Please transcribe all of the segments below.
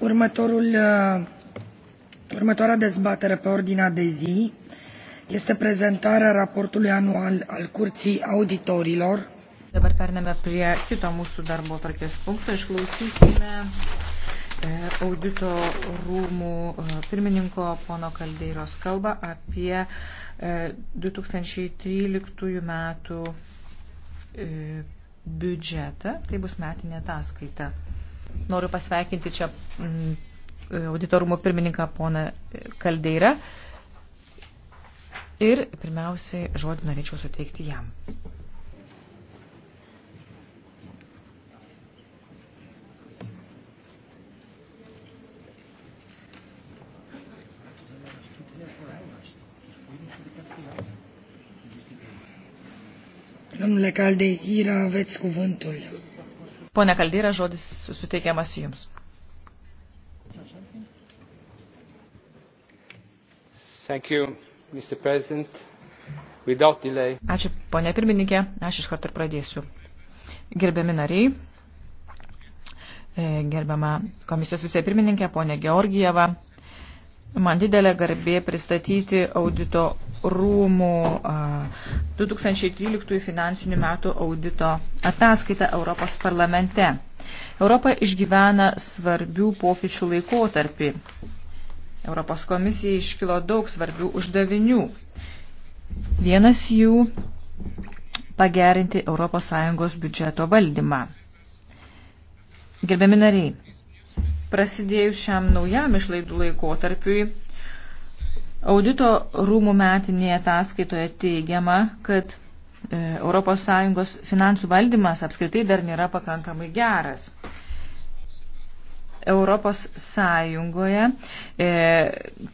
Următorul, uh, următoarea dezbatere pe ordinea de zi este prezentarea raportului anual al Curții Auditorilor. Dabar perneme prie kito mūsų darbo tvarkės punkto. Išklausysime uh, audito rūmų uh, pirmininko pono Kaldeiros kalbą apie 2013 metų biudžetą. Tai bus metinė ataskaita. Noriu pasveikinti čia mm, auditorumo pirmininką poną Kaldeirą. Ir pirmiausiai žodį norėčiau suteikti jam. Domnule Caldeira, aveți cuvântul. Pone Kaldyra, žodis suteikiamas Jums. Thank you, Mr. President. Without delay. Ačiū, ponė pirmininkė. Aš iš karto ir pradėsiu. Gerbiami nariai, e, gerbiama komisijos vicepirmininkė, ponė Georgijeva, man didelė garbė pristatyti audito rūmų 2013 finansinių metų audito ataskaita Europos parlamente. Europa išgyvena svarbių pokyčių laikotarpį. Europos komisijai iškilo daug svarbių uždavinių. Vienas jų – pagerinti ES biudžeto valdymą. Gerbiami nariai, prasidėjus šiam naujam išlaidų laikotarpiui, Audito rūmų metinėje ataskaitoje teigiama, kad ES finansų valdymas apskritai dar nėra pakankamai geras. Europos Sąjungoje e,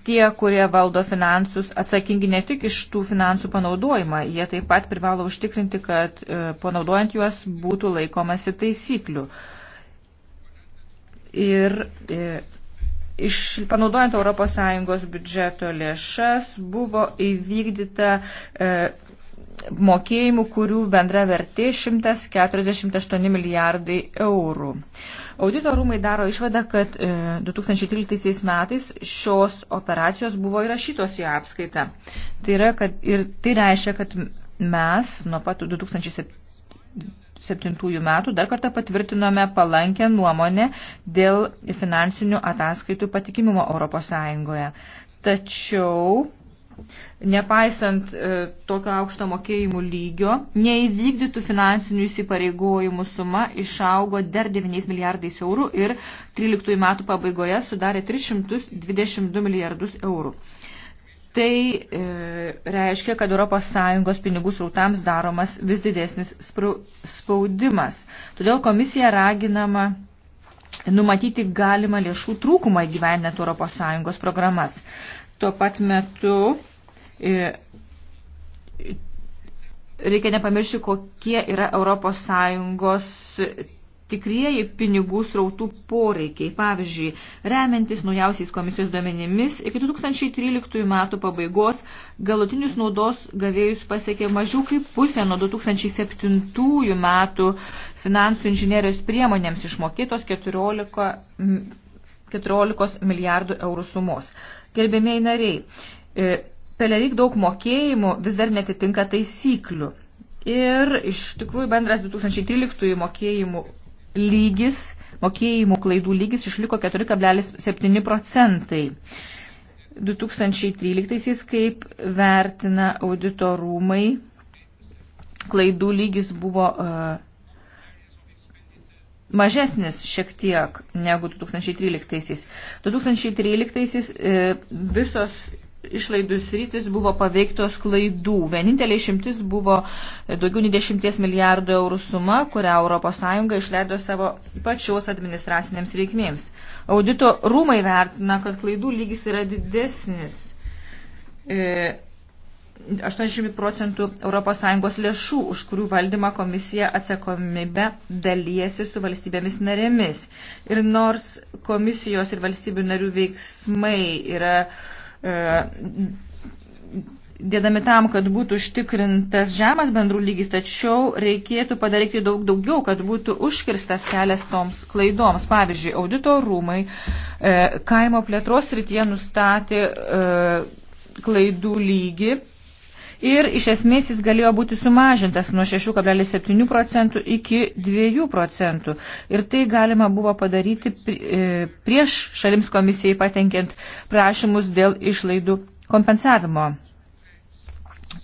tie, kurie valdo finansus, atsakingi ne tik iš tų finansų panaudojimą, jie taip pat privalo užtikrinti, kad e, panaudojant juos būtų laikomasi taisyklių. Ir e, iš, panaudojant ES biudžeto lėšas buvo įvykdyta e, mokėjimų, kurių bendra vertė 148 milijardai eurų. Audito rūmai daro išvadą, kad e, 2013 metais šios operacijos buvo įrašytos į apskaitą. Tai, yra, kad, ir, tai reiškia, kad mes nuo pat 2007 2007 metų dar kartą patvirtinome palankę nuomonę dėl finansinių ataskaitų patikimumo Europos Sąjungoje. Tačiau, nepaisant e, tokio aukšto mokėjimų lygio, neįvykdytų finansinių įsipareigojimų suma išaugo dar 9 milijardais eurų ir 13 metų pabaigoje sudarė 322 milijardus eurų. Tai e, reiškia, kad ES pinigų srautams daromas vis didesnis spaudimas. Todėl komisija raginama numatyti galimą lėšų trūkumą įgyvendinant ES programas. Tuo pat metu e, reikia nepamiršti, kokie yra ES tikrieji pinigų srautų poreikiai. Pavyzdžiui, remiantis naujausiais komisijos duomenimis, iki 2013 metų pabaigos galutinius naudos gavėjus pasiekė mažiau kaip pusė nuo 2007 metų finansų inžinierijos priemonėms išmokėtos 14, 14 milijardų eurų sumos. Gerbėmiai nariai, e, pelerik daug mokėjimų vis dar netitinka taisyklių. Ir iš tikrųjų bendras 2013 mokėjimų lygis, mokėjimų klaidų lygis išliko 4,7 procentai. 2013 kaip vertina auditorumai, klaidų lygis buvo uh, mažesnis šiek tiek negu 2013. -aisiais. 2013 uh, visos išlaidų sritis buvo paveiktos klaidų. Vienintelė išimtis buvo daugiau nei 10 milijardų eurų suma, kurią ES išleido savo pačios administracinėms reikmėms. Audito rūmai vertina, kad klaidų lygis yra didesnis. 80 e, procentų ES lėšų, už kurių valdymą komisija atsakomybę dalyjasi su valstybėmis narėmis. Ir nors komisijos ir valstybių narių veiksmai yra uh, E, dėdami tam, kad būtų užtikrintas žemas bendrų lygis, tačiau reikėtų padaryti daug daugiau, kad būtų užkirstas kelias toms klaidoms. Pavyzdžiui, audito rūmai e, kaimo plėtros rytyje nustatė e, klaidų lygį ir iš esmės jis galėjo būti sumažintas nuo 6,7 procentų iki 2 procentų. Ir tai galima buvo padaryti e, prieš šalims komisijai patenkiant prašymus dėl išlaidų kompensavimo.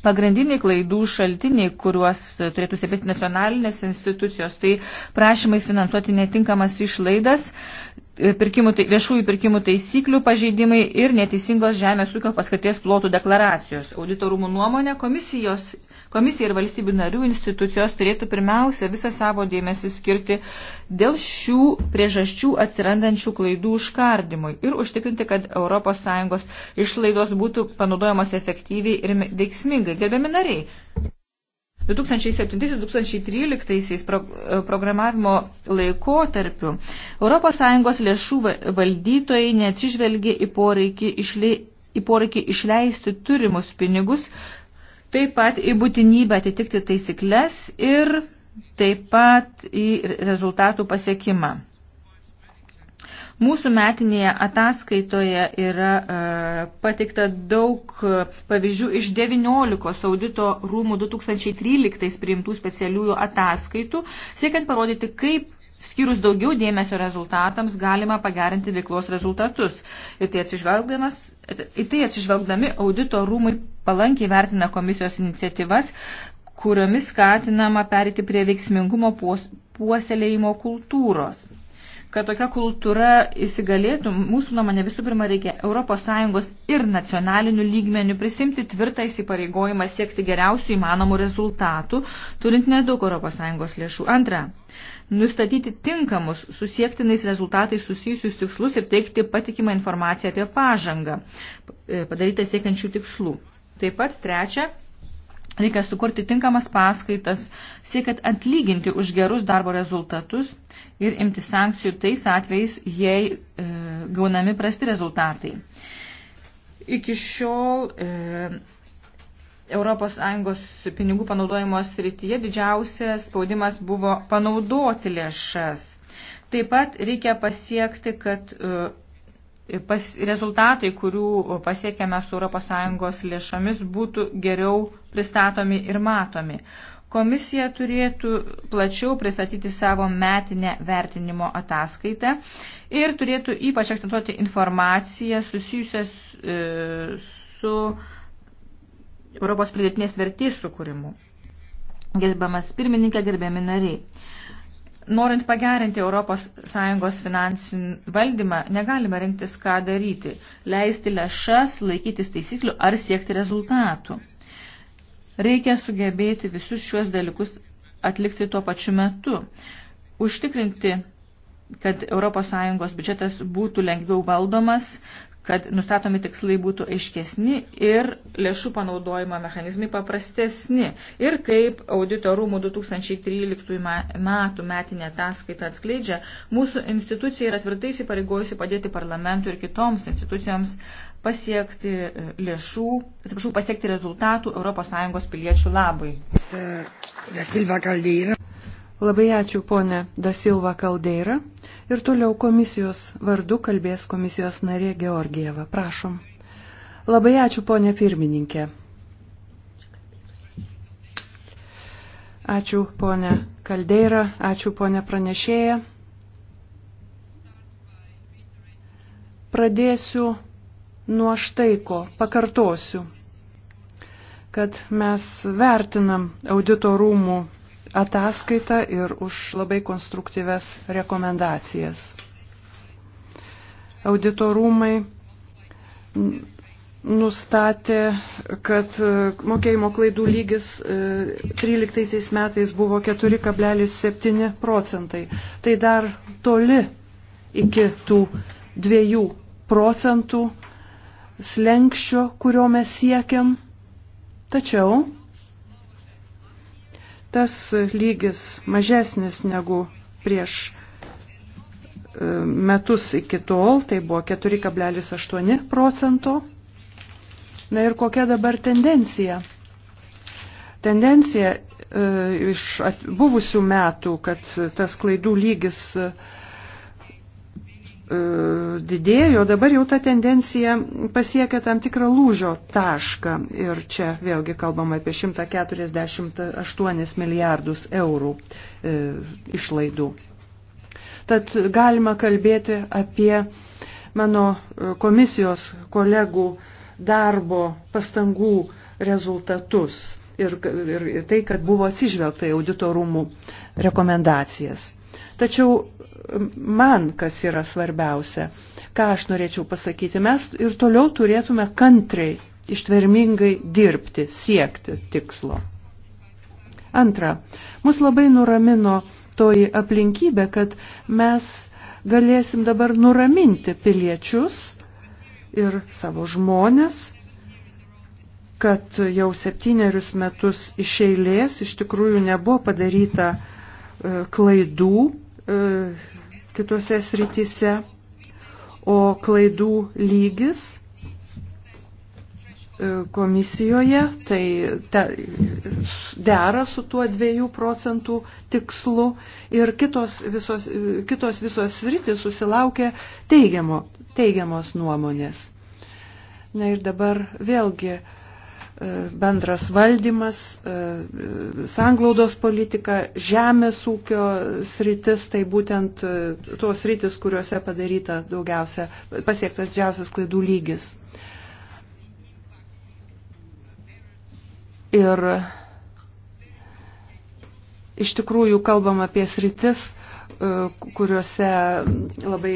Pagrindiniai klaidų šaltiniai, kuriuos turėtų stebėti nacionalinės institucijos, tai prašymai finansuoti netinkamas išlaidas, pirkimų, tai, viešųjų pirkimų taisyklių pažeidimai ir neteisingos žemės ūkio paskaties plotų deklaracijos. Auditorumų nuomonė komisijos, komisija ir valstybių narių institucijos turėtų pirmiausia visą savo dėmesį skirti dėl šių priežasčių atsirandančių klaidų užkardimui ir užtikrinti, kad ES išlaidos būtų panaudojamos efektyviai ir veiksmingai. Gerbiami nariai. 2007-2013 e, programavimo laikotarpiu ES lėšų valdytojai neatsižvelgė į poreikį, išle, į poreikį išleisti turimus pinigus, taip pat į būtinybę atitikti taisyklės ir taip pat į rezultatų pasiekimą. Mūsų metinėje ataskaitoje yra e, pateikta daug pavyzdžių iš 19 audito rūmų 2013 priimtų specialiųjų ataskaitų, siekiant parodyti, kaip skyrus daugiau dėmesio rezultatams galima pagerinti veiklos rezultatus. Ir tai į tai atsižvelgdami audito rūmai palankiai vertina komisijos iniciatyvas, kuriomis skatinama perėti prie veiksmingumo puos, puoselėjimo kultūros kad tokia kultūra įsigalėtų, mūsų nuomonė visų pirma reikia ES ir nacionalinių lygmenių prisimti tvirtą įsipareigojimą siekti geriausių įmanomų rezultatų, turint nedaug ES lėšų. Antra, nustatyti tinkamus susiektiniais rezultatais susijusius tikslus ir teikti patikimą informaciją apie pažangą e, padarytą siekiančių tikslų. Taip pat trečia, Reikia sukurti tinkamas paskaitas, siekiant atlyginti už gerus darbo rezultatus ir imti sankcijų tais atvejais, jei e, gaunami prasti rezultatai. Iki šiol e, ES pinigų panaudojimo srityje didžiausias spaudimas buvo panaudoti lėšas. Taip pat reikia pasiekti, kad e, pas, rezultatai, kurių pasiekėme su ES lėšomis, būtų geriau pristatomi ir matomi. Komisija turėtų plačiau pristatyti savo metinę vertinimo ataskaitą ir turėtų ypač akcentuoti informaciją susijusią e, su Europos pridėtinės vertės sukūrimu. Gerbiamas pirmininkė, gerbiami nariai. Norint pagerinti ES finansinį valdymą, negalime rinktis, ką daryti - leisti lėšas, laikytis taisyklių ar siekti rezultatų. Reikia sugebėti visus šiuos dalykus atlikti tuo pačiu metu. Užtikrinti, kad ES biudžetas būtų lengviau valdomas, kad nustatomi tikslai būtų aiškesni ir lėšų panaudojimo mechanizmai paprastesni. Ir kaip audito rūmų 2013 metų metinė ataskaita atskleidžia, mūsų institucija yra tvirtai įsipareigojusi padėti parlamentui ir kitoms institucijoms pasiekti e, lėšų, atsiprašau, pasiekti rezultatų ES piliečių labui. Labai ačiū ponė Dasilva Kaldeira. Ir toliau komisijos vardu kalbės komisijos narė Georgieva. Prašom. Labai ačiū ponė pirmininkė. Ačiū ponė Kaldeira, ačiū ponė pranešėja. Pradėsiu nuo štai ko, pakartosiu, kad mes vertinam auditorumų ataskaitą ir už labai konstruktyves rekomendacijas. Auditorumai nustatė, kad mokėjimo klaidų lygis 13 e, metais buvo 4,7 procentai. Tai dar toli iki tų 2 procentų slengščio, kurio mes siekiam. Tačiau tas lygis mažesnis negu prieš e, metus iki tol, tai buvo 4,8 procento. Na ir kokia dabar tendencija? Tendencija e, iš at, buvusių metų, kad tas klaidų lygis e, E, didėjo, dabar jau ta tendencija pasiekia tam tikrą lūžio tašką. Ir čia vėlgi kalbama apie 148 milijardus eurų e, išlaidų. Tad galima kalbėti apie mano e, komisijos kolegų darbo pastangų rezultatus ir, ir tai, kad buvo atsižvelgta į auditorumų rekomendacijas. Tačiau man kas yra svarbiausia, ką aš norėčiau pasakyti, mes ir toliau turėtume kantriai, ištvermingai dirbti, siekti tikslo. Antra, mus labai nuramino toji aplinkybė, kad mes galėsim dabar nuraminti piliečius ir savo žmonės, kad jau septynerius metus iš eilės iš tikrųjų nebuvo padaryta e, klaidų E, kitose srityse, o klaidų lygis e, komisijoje, tai te, dera su tuo 2 procentų tikslu ir kitos visos, e, kitos visos sritis susilaukė teigiamo, teigiamos nuomonės. Na ir dabar vėlgi E, bendras valdymas, e, sanglaudos politika, žemės ūkio sritis, tai būtent e, tos sritis, kuriuose padaryta daugiausia, pasiektas didžiausias klaidų lygis. Ir iš tikrųjų kalbam apie sritis, kuriuose labai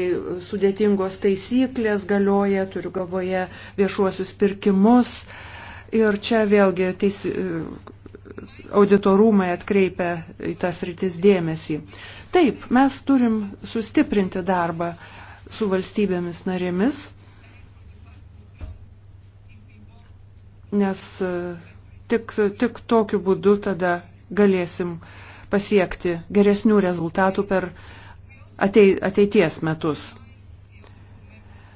sudėtingos taisyklės galioja, turiu galvoje viešuosius pirkimus, Ir čia vėlgi teis, auditorumai atkreipia į tas rytis dėmesį. Taip, mes turim sustiprinti darbą su valstybėmis narėmis, nes e, tik, tik tokiu būdu tada galėsim pasiekti geresnių rezultatų per ateities metus.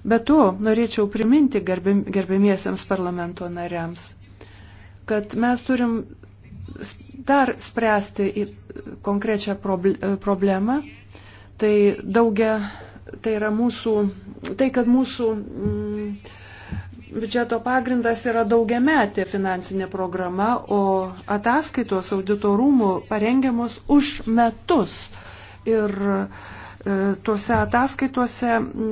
Be to, norėčiau priminti gerbėmiesiams parlamento nariams, kad mes turim dar spręsti konkrečią problemą. Tai daugia, tai yra mūsų, tai kad mūsų mm, biudžeto pagrindas yra daugiametė finansinė programa, o ataskaitos auditorumų parengiamos už metus. Ir uh, E, tose ataskaitose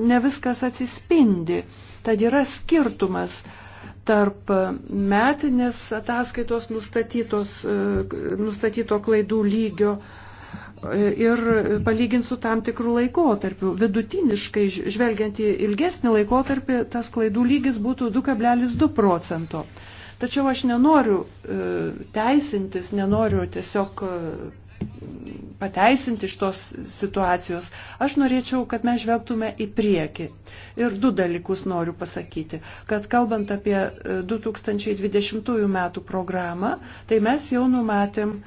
ne viskas atsispindi. Tad yra skirtumas tarp metinės ataskaitos e, nustatyto klaidų lygio e, ir palygint su tam tikrų laikotarpių. Vidutiniškai, žvelgiant į ilgesnį laikotarpį, tas klaidų lygis būtų 2,2 procento. Tačiau aš nenoriu teisintis, nenoriu tiesiog pateisinti iš tos situacijos, aš norėčiau, kad mes žvelgtume į priekį. Ir du dalykus noriu pasakyti, kad kalbant apie 2020 e, metų programą, tai mes jau numatėm e,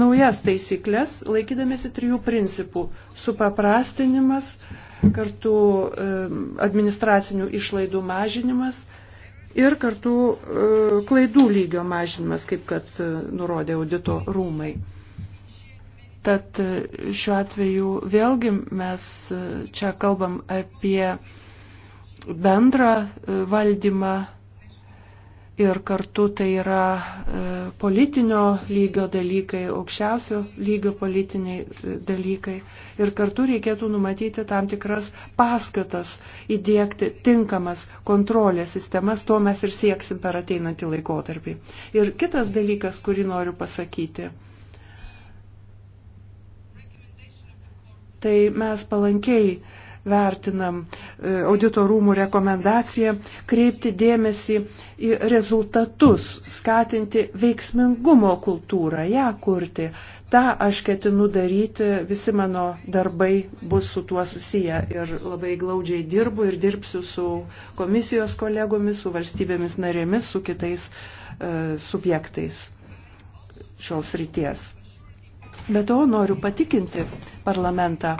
naujas taisyklės, laikydamėsi trijų principų - supaprastinimas, kartu e, administracinių išlaidų mažinimas ir kartu klaidų lygio mažinimas, kaip kad nurodė audito rūmai. Tad e, šiuo atveju vėlgi mes e, čia kalbam apie bendrą e, valdymą ir kartu tai yra politinio lygio dalykai, aukščiausio lygio politiniai dalykai. Ir kartu reikėtų numatyti tam tikras paskatas, įdėkti tinkamas kontrolės sistemas, to mes ir sieksim per ateinantį laikotarpį. Ir kitas dalykas, kurį noriu pasakyti. tai mes palankiai vertinam e, audito rūmų rekomendaciją kreipti dėmesį į rezultatus, skatinti veiksmingumo kultūrą, ją kurti. Ta aš ketinu daryti, visi mano darbai bus su tuo susiję ir labai glaudžiai dirbu ir dirbsiu su komisijos kolegomis, su valstybėmis narėmis, su kitais e, subjektais šios ryties. Be to noriu patikinti parlamentą,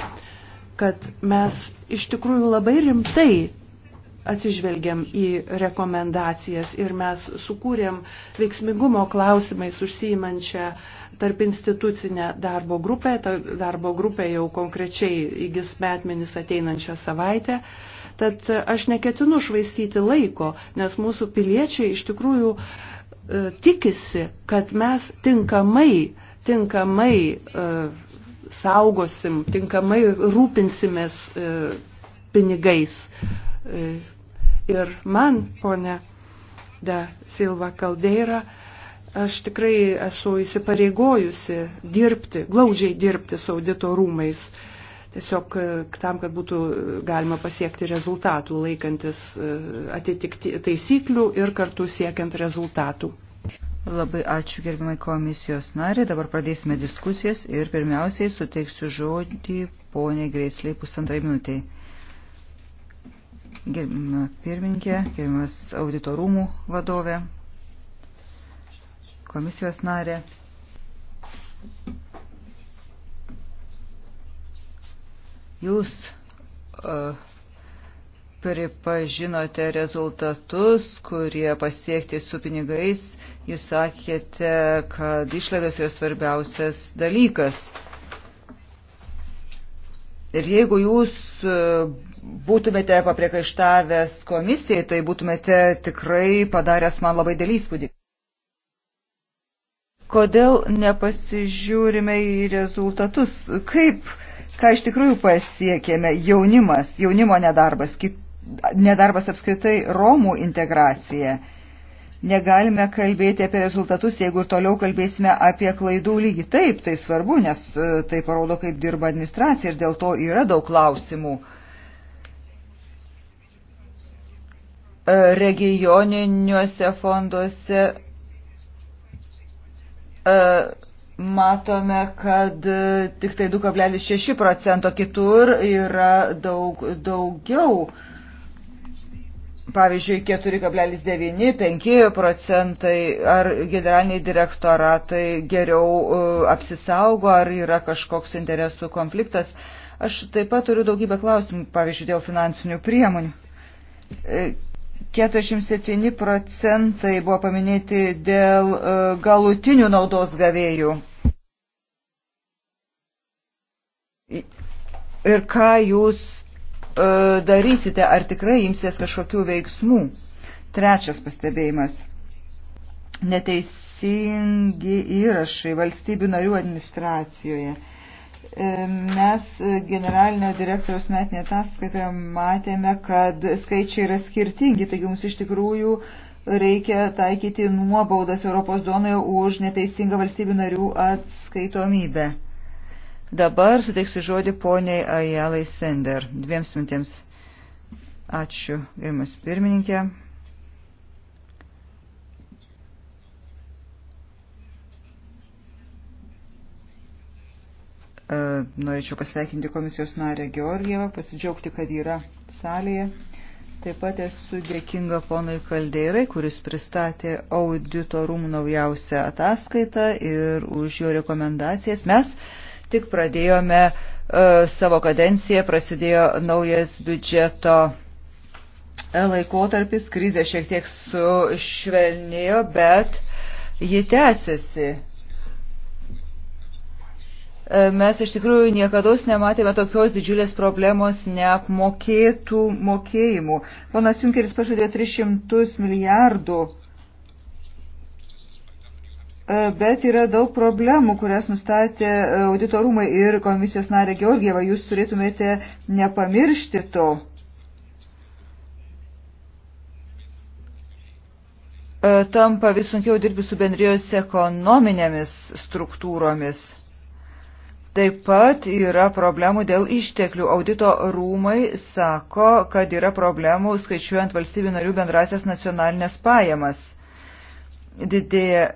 kad mes iš tikrųjų labai rimtai atsižvelgiam į rekomendacijas ir mes sukūrėm veiksmingumo klausimais užsijimančią tarp institucinę darbo grupę. Ta darbo grupė jau konkrečiai įgis metmenis ateinančią savaitę. Tad aš neketinu švaistyti laiko, nes mūsų piliečiai iš tikrųjų e, tikisi, kad mes tinkamai tinkamai e, saugosim, tinkamai rūpinsimės e, pinigais. E, ir man, ponė De Silva Kaldeira, aš tikrai esu įsipareigojusi dirbti, glaudžiai dirbti su audito rūmais, tiesiog tam, kad būtų galima pasiekti rezultatų, laikantis atitikti taisyklių ir kartu siekiant rezultatų. Labai ačiū gerbimai komisijos narė. Dabar pradėsime diskusijas ir pirmiausiai suteiksiu žodį poniai Greisliai pusantrai minutiai. Gerbima pirmininkė, gerbimas auditorumų vadovė, komisijos narė. Jūs uh, pripažinote rezultatus, kurie pasiekti su pinigais Jūs sakėte, kad išlaidos yra svarbiausias dalykas. Ir jeigu jūs e, būtumėte papriekaištavęs komisijai, tai būtumėte tikrai padaręs man labai dėlį įspūdį. Kodėl nepasižiūrime į rezultatus? Kaip, ką iš tikrųjų pasiekėme jaunimas, jaunimo nedarbas, kit, nedarbas apskritai Romų integracija? Negalime kalbėti apie rezultatus, jeigu ir toliau kalbėsime apie klaidų lygį. Taip, tai svarbu, nes e, tai parodo, kaip dirba administracija ir dėl to yra daug klausimų. E, regioniniuose fonduose e, matome, kad tik tai 2,6 procento, kitur yra daug daugiau pavyzdžiui, 4,9-5 procentai, ar generaliniai direktoratai geriau e, apsisaugo, ar yra kažkoks interesų konfliktas. Aš taip pat turiu daugybę klausimų, pavyzdžiui, dėl finansinių priemonių. 47 e, procentai buvo paminėti dėl e, galutinių naudos gavėjų. Ir ką jūs E, darysite, ar tikrai imsės kažkokių veiksmų. Trečias pastebėjimas. Neteisingi įrašai valstybių narių administracijoje e, mes generalinio direktoriaus metinė ataskaitoje matėme, kad skaičiai yra skirtingi, taigi mums iš tikrųjų reikia taikyti nuobaudas Europos zonoje už neteisingą valstybių narių atskaitomybę. Dabar suteiksiu žodį poniai Ajelai Sender. Dviems mintėms. Ačiū, gerimas pirmininkė. E, norėčiau pasveikinti komisijos narę Georgievą, pasidžiaugti, kad yra salėje. Taip pat esu dėkinga ponui Kaldeirai, kuris pristatė audito rūmų naujausią ataskaitą ir už jo rekomendacijas. Mes uh, Tik pradėjome e, savo kadenciją, prasidėjo naujas biudžeto e, laikotarpis, krizė šiek tiek sušvelnėjo, bet ji tęsiasi. E, mes iš tikrųjų niekada nematėme tokios didžiulės problemos neapmokėtų mokėjimų. Ponas Junkeris pažadėjo 300 milijardų E, bet yra daug problemų, kurias nustatė e, auditorumai ir komisijos narė Georgieva. Jūs turėtumėte nepamiršti to. E, tampa vis sunkiau dirbti su bendrijos ekonominėmis struktūromis. Taip pat yra problemų dėl išteklių. Audito rūmai sako, kad yra problemų skaičiuojant valstybių narių bendrasias nacionalinės pajamas. Didėja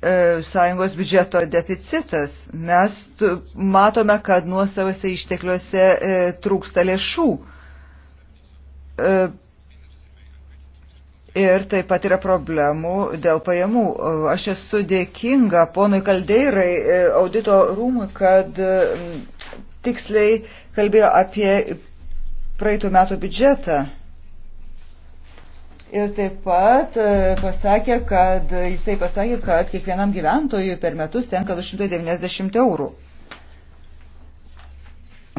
E, sąjungos biudžeto deficitas. Mes matome, kad nuosavose ištekliuose e, trūksta lėšų. E, ir taip pat yra problemų dėl pajamų. Aš esu dėkinga ponui Kaldeirai, audito rūmui, kad tiksliai kalbėjo apie praeitų metų biudžetą. Ir taip pat e, pasakė, kad jisai pasakė, kad kiekvienam gyventojui per metus tenka 290 eurų.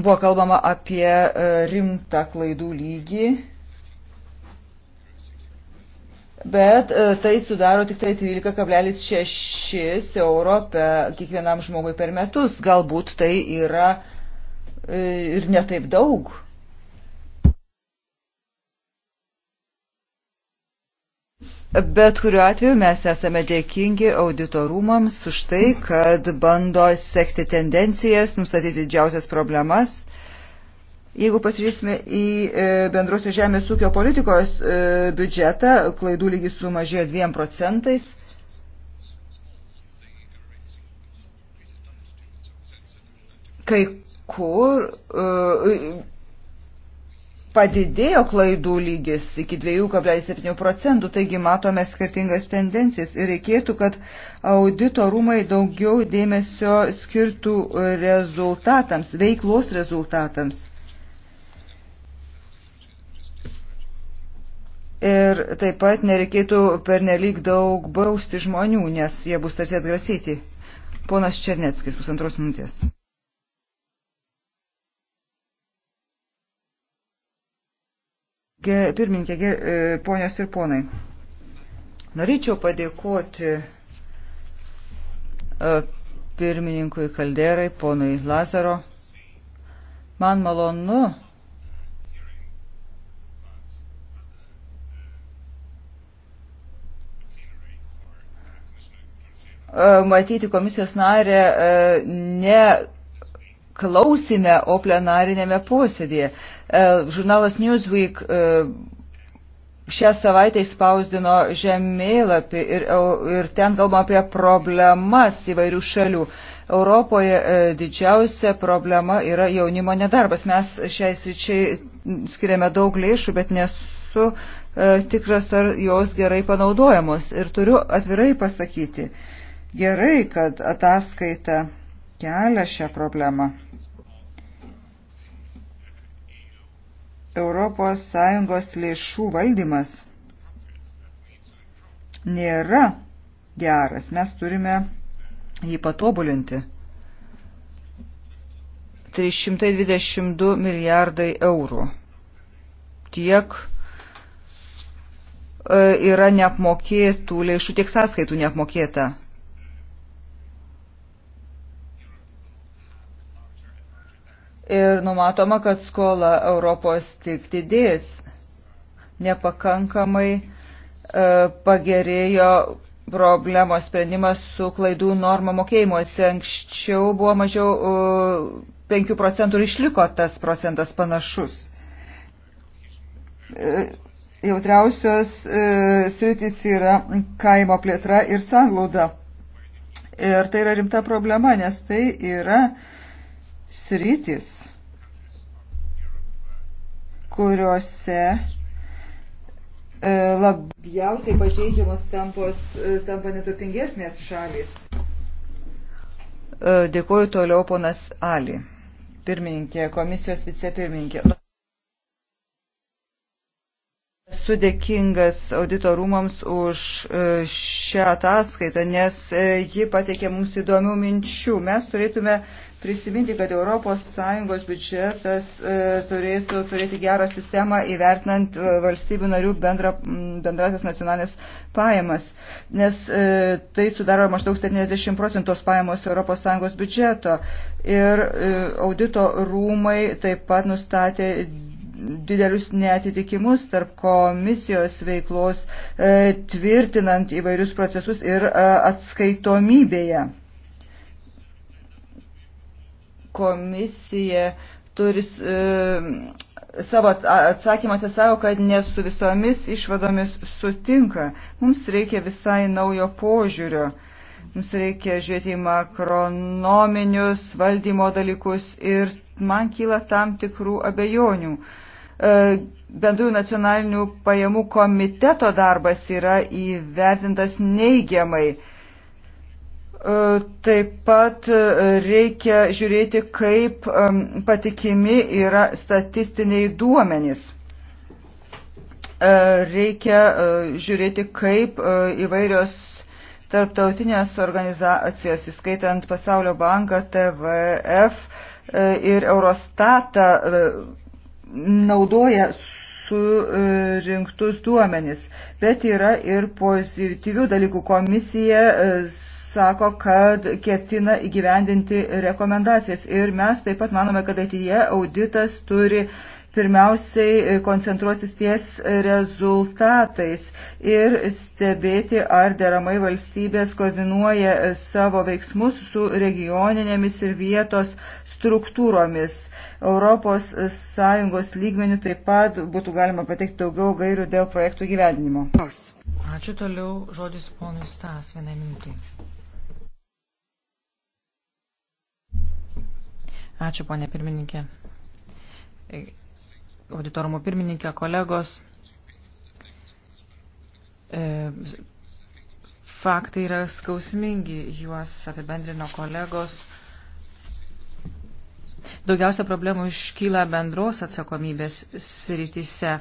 Buvo kalbama apie e, rimtą klaidų lygį, bet e, tai sudaro tik tai 13,6 euro per kiekvienam žmogui per metus. Galbūt tai yra ir netaip daug. Bet kuriuo atveju mes esame dėkingi auditorumams už tai, kad bando sekti tendencijas, nustatyti didžiausias problemas. Jeigu pasižiūrėsime į e, bendrosios žemės ūkio politikos e, biudžetą, klaidų lygis sumažėjo 2 procentais. Kai kur e, padidėjo klaidų lygis iki 2,7 procentų, taigi matome skirtingas tendencijas ir reikėtų, kad audito rūmai daugiau dėmesio skirtų rezultatams, veiklos rezultatams. Ir taip pat nereikėtų pernelyg daug bausti žmonių, nes jie bus tarsi atgrasyti. Ponas Černeckis, pusantros minutės. Pirmininkė, e, ponios ir ponai, norėčiau padėkoti e, pirmininkui Kalderai, ponui Lazaro. Man malonu e, matyti komisijos narę ne klausime, o plenarinėme posėdėje. E, žurnalas Newsweek e, šią savaitę įspausdino žemėlapį ir, ir ten kalbama apie problemas įvairių šalių. Europoje e, didžiausia problema yra jaunimo nedarbas. Mes šiai sričiai skiriame daug lėšų, bet nesu tikras, ar jos gerai panaudojamos. Ir turiu atvirai pasakyti, gerai, kad ataskaita kelia šią problemą. ES lėšų valdymas nėra geras. Mes turime jį patobulinti. 322 milijardai eurų. Tiek e, yra neapmokėtų lėšų, tiek sąskaitų neapmokėta. ir numatoma, kad skola Europos tik didės. Nepakankamai e, pagerėjo problemos sprendimas su klaidų norma mokėjimuose. Anksčiau buvo mažiau e, 5 procentų ir išliko tas procentas panašus. E, jautriausios e, sritis yra kaimo plėtra ir sanglauda. Ir tai yra rimta problema, nes tai yra e, sritis, kuriuose e, labiausiai pažeidžiamos tampos, e, tampa neturtingesnės šalis. E, Dėkuoju toliau ponas Ali, pirmininkė, komisijos vicepirmininkė. Esu dėkingas auditorumams už e, šią ataskaitą, nes e, ji pateikė mums įdomių minčių. Mes turėtume prisiminti, kad ES biudžetas e, turėtų turėti gerą sistemą įvertinant valstybių narių bendra, bendrasis nacionalinės pajamas, nes tai sudaro maždaug 70 procentos pajamos ES biudžeto. Ir audito rūmai taip pat nustatė didelius netitikimus tarp komisijos veiklos, e, tvirtinant įvairius procesus ir e, atskaitomybėje. Komisija turi e, savo atsakymuose savo, kad ne su visomis išvadomis sutinka. Mums reikia visai naujo požiūrio. Mums reikia žiūrėti į makronominius valdymo dalykus ir man kyla tam tikrų abejonių. Uh, E, bendrųjų nacionalinių pajamų komiteto darbas yra įvertintas neigiamai. E, taip pat reikia žiūrėti, kaip patikimi yra statistiniai duomenys. E, reikia žiūrėti, kaip įvairios tarptautinės organizacijos, įskaitant Pasaulio banką, TVF ir Eurostatą naudoja surinktus duomenis. Bet yra ir pozityvių dalykų. Komisija e, sako, kad ketina įgyvendinti rekomendacijas. Ir mes taip pat manome, kad ateityje auditas turi pirmiausiai e, koncentruosis ties rezultatais ir stebėti, ar deramai valstybės koordinuoja e, savo veiksmus su regioninėmis ir vietos struktūromis. ES lygmenių taip pat būtų galima pateikti daugiau gairių dėl projektų gyvendinimo. Ačiū toliau, žodis ponui Stas, vienai minutį. Ačiū, ponė pirmininkė. Auditorumo pirmininkė, kolegos. E, faktai yra skausmingi, juos apibendrino kolegos. Daugiausia problemų iškyla bendros atsakomybės srityse.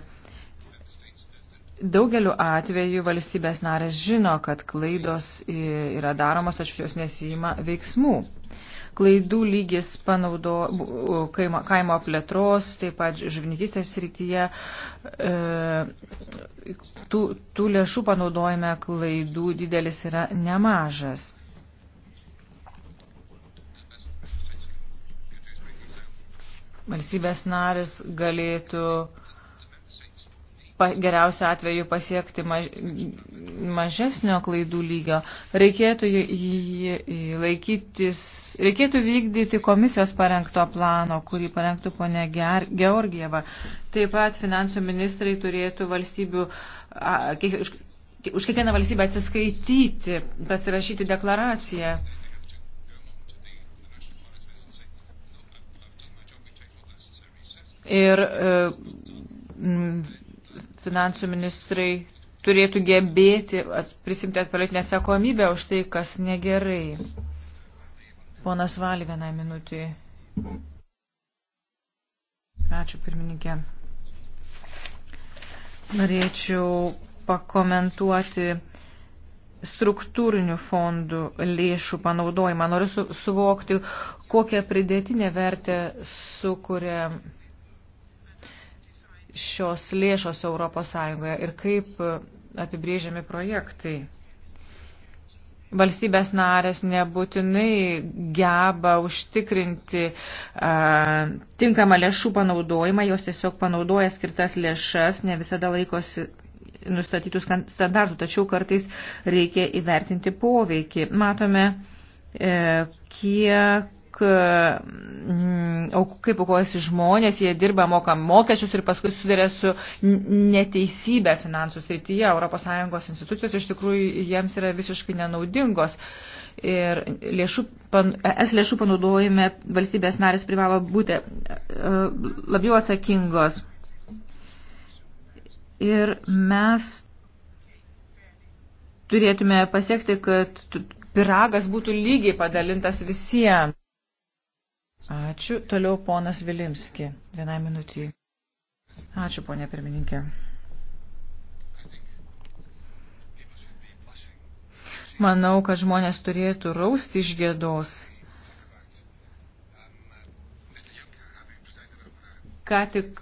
Daugeliu atveju valstybės narės žino, kad klaidos yra daromos, tačiau jos nesijima veiksmų. Klaidų lygis panaudo kaimo, kaimo plėtros, taip pat žuvininkystės srityje, e, tų, tų lėšų panaudojime klaidų didelis yra nemažas. valstybės narės galėtų geriausiu atveju pasiekti maž, mažesnio klaidų lygio, reikėtų, laikytis, reikėtų vykdyti komisijos parengto plano, kurį parengtų ponė Georgieva. Taip pat finansų ministrai turėtų valstybių, a, kiek, už, už kiekvieną valstybę atsiskaityti, pasirašyti deklaraciją. ir e, finansų ministrai turėtų gebėti prisimti atpolitinę atsakomybę už tai, kas negerai. Ponas Valį vienai minutį. Ačiū pirmininkė. Norėčiau pakomentuoti struktūrinių fondų lėšų panaudojimą. Noriu su, suvokti, kokią pridėtinę vertę sukuria šios lėšos ES ir kaip apibrėžiami projektai. Valstybės narės nebūtinai geba užtikrinti a, tinkamą lėšų panaudojimą, jos tiesiog panaudoja skirtas lėšas, ne visada laikosi nustatytų standartų, tačiau kartais reikia įvertinti poveikį. Matome, e, kiek E, kaip aukojasi žmonės, jie dirba, moka mokesčius ir paskui susiduria su neteisybė finansų srityje. ES institucijos iš tikrųjų jiems yra visiškai nenaudingos. Ir lėšų, pan, es lėšų panaudojime valstybės narės privalo būti e, labiau atsakingos. Ir mes turėtume pasiekti, kad piragas būtų lygiai padalintas visiems. Ačiū. Toliau ponas Vilimski. Vienai minutį. Ačiū, ponė pirmininkė. Manau, kad žmonės turėtų rausti iš gėdos. Ką tik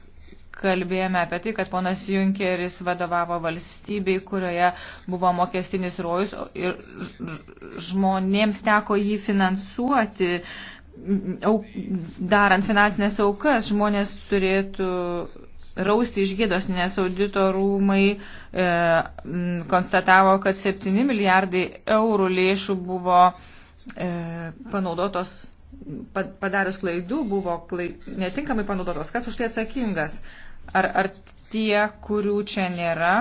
kalbėjome apie tai, kad ponas Junkeris vadovavo valstybei, kurioje buvo mokestinis rojus ir žmonėms teko jį finansuoti. Uh, darant finansinės aukas, žmonės turėtų rausti iš gėdos, nes audito rūmai e, m, konstatavo, kad 7 milijardai eurų lėšų buvo e, panaudotos, padarius klaidų, buvo klaid, netinkamai panaudotos. Kas už tai atsakingas? Ar, ar tie, kurių čia nėra?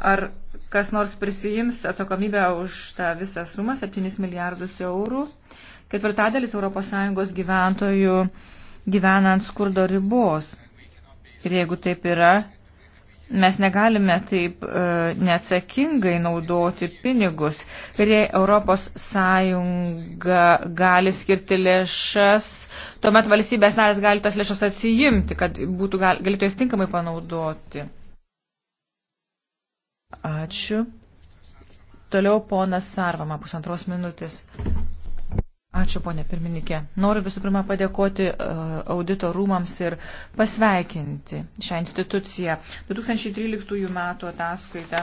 Ar kas nors prisijims atsakomybę už tą visą sumą 7 milijardus eurų? E, Ketvirtadalis ES gyventojų gyvena ant skurdo ribos. Ir jeigu taip yra, mes negalime taip e, neatsakingai naudoti pinigus. Ir jei Europos Sąjunga gali skirti lėšas, tuomet valstybės narės gali tas lėšas atsijimti, kad būtų gal, galėtų jas tinkamai panaudoti. Ačiū. Toliau ponas Sarvama, pusantros minutės. Ačiū, ponė pirmininkė. Noriu visų pirma padėkoti e, audito rūmams ir pasveikinti šią instituciją. 2013 m. ataskaita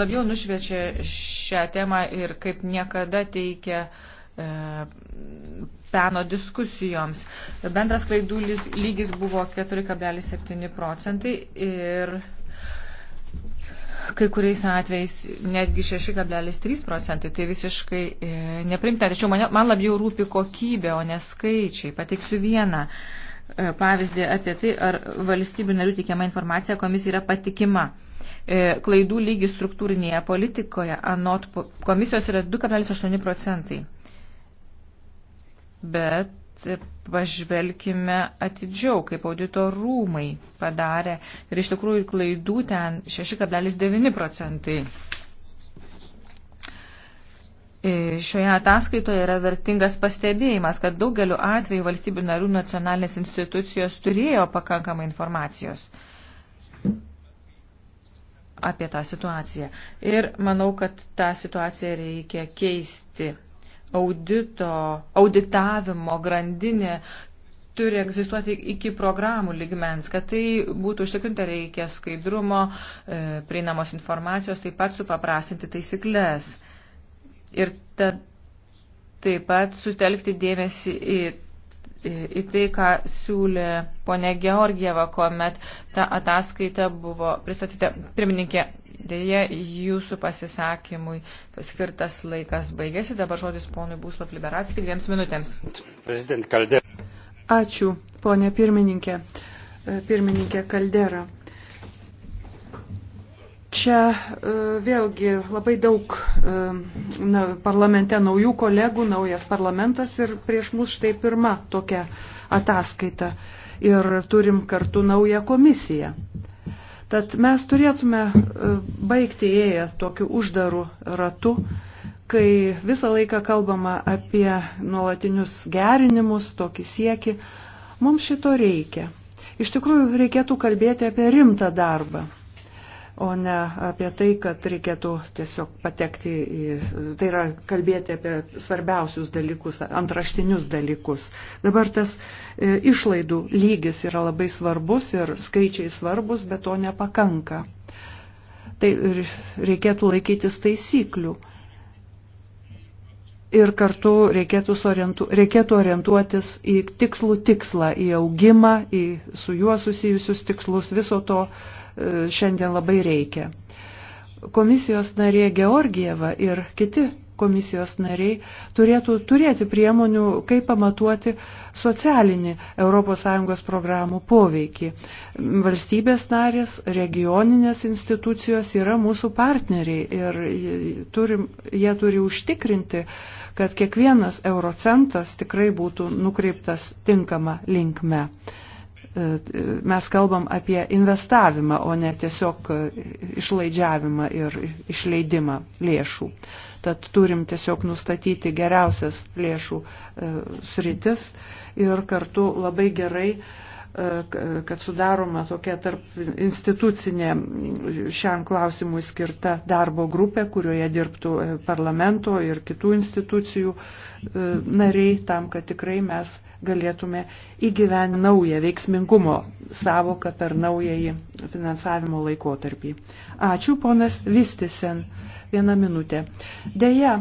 labiau nušviečia šią temą ir kaip niekada teikia e, peno diskusijoms. Bendras klaidų lygis buvo 4,7 procentai ir kai kuriais atvejais netgi 6,3 procentai, tai visiškai e, neprimta. Tačiau man, man labiau rūpi kokybė, o ne skaičiai. Pateiksiu vieną e, pavyzdį apie tai, ar valstybių narių teikiama informacija komisija yra patikima. E, klaidų lygis struktūrinėje politikoje anot komisijos yra 2,8 procentai. Bet pažvelkime atidžiau, kaip audito rūmai padarė. Ir iš tikrųjų klaidų ten 6,9 procentai. E, šioje ataskaitoje yra vertingas pastebėjimas, kad daugeliu atveju valstybių narių nacionalinės institucijos turėjo pakankamai informacijos apie tą situaciją. Ir manau, kad tą situaciją reikia keisti audito, auditavimo grandinė turi egzistuoti iki programų ligmens, kad tai būtų užtikrinta reikia skaidrumo, e, prieinamos informacijos, taip pat supaprastinti taisyklės. Ir ta, taip pat sutelkti dėmesį į į tai, ką siūlė ponė Georgieva, kuomet ta ataskaita buvo pristatyta. Pirmininkė, dėja, jūsų pasisakymui skirtas laikas baigėsi. Dabar žodis ponui Būslav Liberatskiai dviems minutėms. Ačiū, ponė pirmininkė. Pirmininkė Kaldera. Čia e, vėlgi labai daug e, na, parlamente naujų kolegų, naujas parlamentas ir prieš mus štai pirma tokia ataskaita. Ir turim kartu naują komisiją. Tad mes turėtume e, baigti ėję tokiu uždaru ratu, kai visą laiką kalbama apie nuolatinius gerinimus, tokį siekį. Mums šito reikia. Iš tikrųjų, reikėtų kalbėti apie rimtą darbą o ne apie tai, kad reikėtų tiesiog patekti į, tai yra kalbėti apie svarbiausius dalykus, antraštinius dalykus. Dabar tas e, išlaidų lygis yra labai svarbus ir skaičiai svarbus, bet to nepakanka. Tai reikėtų laikytis taisyklių. Ir kartu reikėtų, orientu, reikėtų orientuotis į tikslų tikslą, į augimą, į su juo susijusius tikslus, viso to uh, šiandien labai reikia. Komisijos narė Georgieva ir kiti komisijos nariai turėtų turėti priemonių, kaip pamatuoti socialinį ES programų poveikį. Valstybės narės, regioninės institucijos yra mūsų partneriai ir turim, jie turi užtikrinti, kad kiekvienas eurocentas tikrai būtų nukreiptas tinkama linkme. E, mes kalbam apie investavimą, o ne tiesiog e, išlaidžiavimą ir išleidimą lėšų. Tad turim tiesiog nustatyti geriausias lėšų e, sritis ir kartu labai gerai uh, E, kad sudaroma tokia tarp institucinė šiam klausimui skirta darbo grupė, kurioje dirbtų e, parlamento ir kitų institucijų e, nariai, tam, kad tikrai mes galėtume įgyventi naują veiksmingumo savoką per naująjį finansavimo laikotarpį. Ačiū, ponas Vistisen. Vieną minutę. Deja,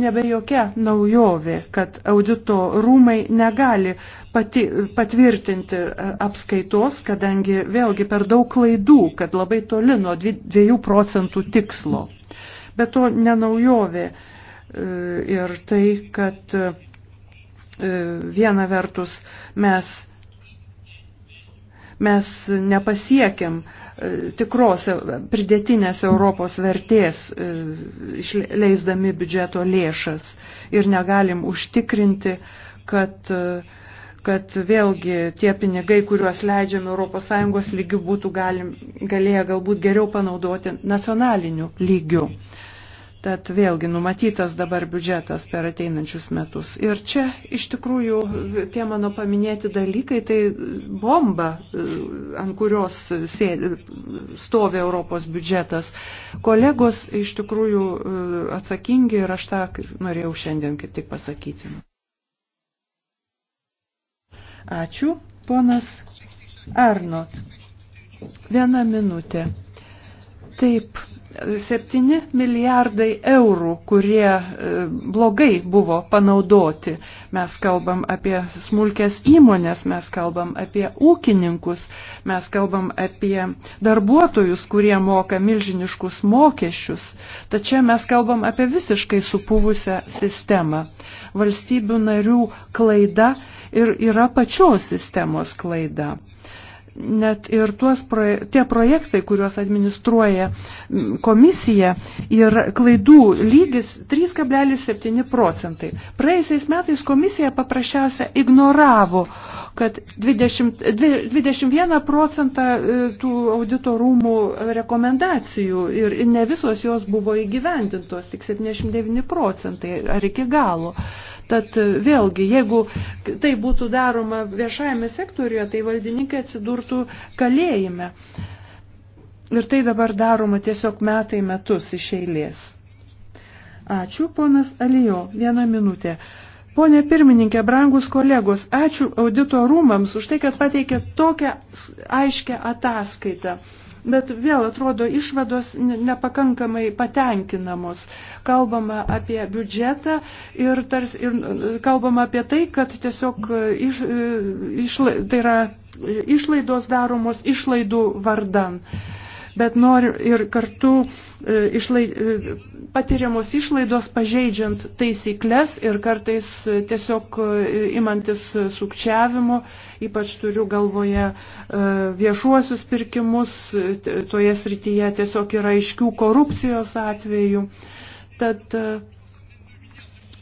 nebe jokia naujovė, kad audito rūmai negali pati, patvirtinti e, apskaitos, kadangi vėlgi per daug klaidų, kad labai toli nuo 2 procentų tikslo. Bet to nenaujovė e, ir tai, kad e, viena vertus mes mes nepasiekėm e, tikros e, pridėtinės Europos vertės, e, leisdami biudžeto lėšas ir negalim užtikrinti, kad, kad vėlgi tie pinigai, kuriuos leidžiam ES lygių, būtų galim, galėję galbūt geriau panaudoti nacionaliniu lygiu. Tad vėlgi numatytas dabar biudžetas per ateinančius metus. Ir čia iš tikrųjų tie mano paminėti dalykai, tai bomba, e, ant kurios sėdė, stovi Europos biudžetas. Kolegos iš tikrųjų e, atsakingi ir aš tą norėjau šiandien kaip tik pasakyti. Ačiū, ponas Arnot. Viena minutė. Taip, 7 milijardai eurų, kurie e, blogai buvo panaudoti. Mes kalbam apie smulkės įmonės, mes kalbam apie ūkininkus, mes kalbam apie darbuotojus, kurie moka milžiniškus mokesčius. Tačiau mes kalbam apie visiškai supuvusią sistemą. Valstybių narių klaida ir yra pačios sistemos klaida net ir tuos proje, tie projektai, kuriuos administruoja komisija, ir klaidų lygis 3,7 procentai. Praėjusiais metais komisija paprasčiausia ignoravo, kad 20, 21 procentą e, tų auditorumų rekomendacijų ir ne visos jos buvo įgyvendintos, tik 79 procentai ar iki galo. Tad e, vėlgi, jeigu tai būtų daroma viešajame sektoriuje, tai valdininkai atsidurtų kalėjime. Ir tai dabar daroma tiesiog metai metus iš eilės. Ačiū, ponas Alijo, vieną minutę. Pone pirmininkė, brangus kolegos, ačiū audito rūmams už tai, kad pateikė tokią aiškę ataskaitą. Bet vėl atrodo išvados nepakankamai patenkinamos. Kalbama apie biudžetą ir, tars, ir e, kalbama apie tai, kad tiesiog e, iš, e, išla, tai yra, išlaidos daromos išlaidų vardan. Uh, bet nori ir kartu e, išlai, e, patiriamos išlaidos pažeidžiant taisyklės ir kartais e, tiesiog imantis sukčiavimo, ypač turiu galvoje viešuosius pirkimus, toje srityje tiesiog yra aiškių korupcijos atvejų. Tad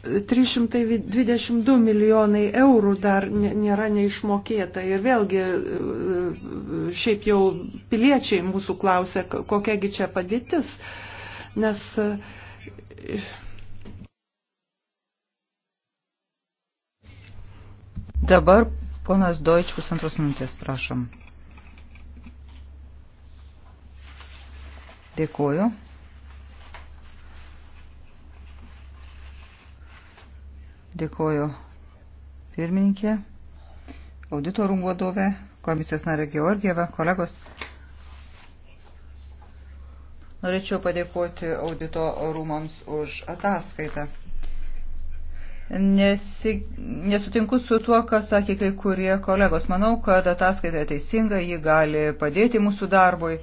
322 milijonai eurų dar nėra neišmokėta. Ir vėlgi, e, šiaip jau piliečiai mūsų klausia, kokiagi čia padėtis, nes. E, Dabar ponas Deutsch pusantros minutės, prašom. Dėkuoju. Dėkoju pirmininkė, auditorum vadovė, komisijos narė Georgieva, kolegos. Norėčiau padėkoti audito rūmams už ataskaitą. Nesi, nesutinku su tuo, ką sakė kai kurie kolegos. Manau, kad ataskaita teisinga, ji gali padėti mūsų darbui.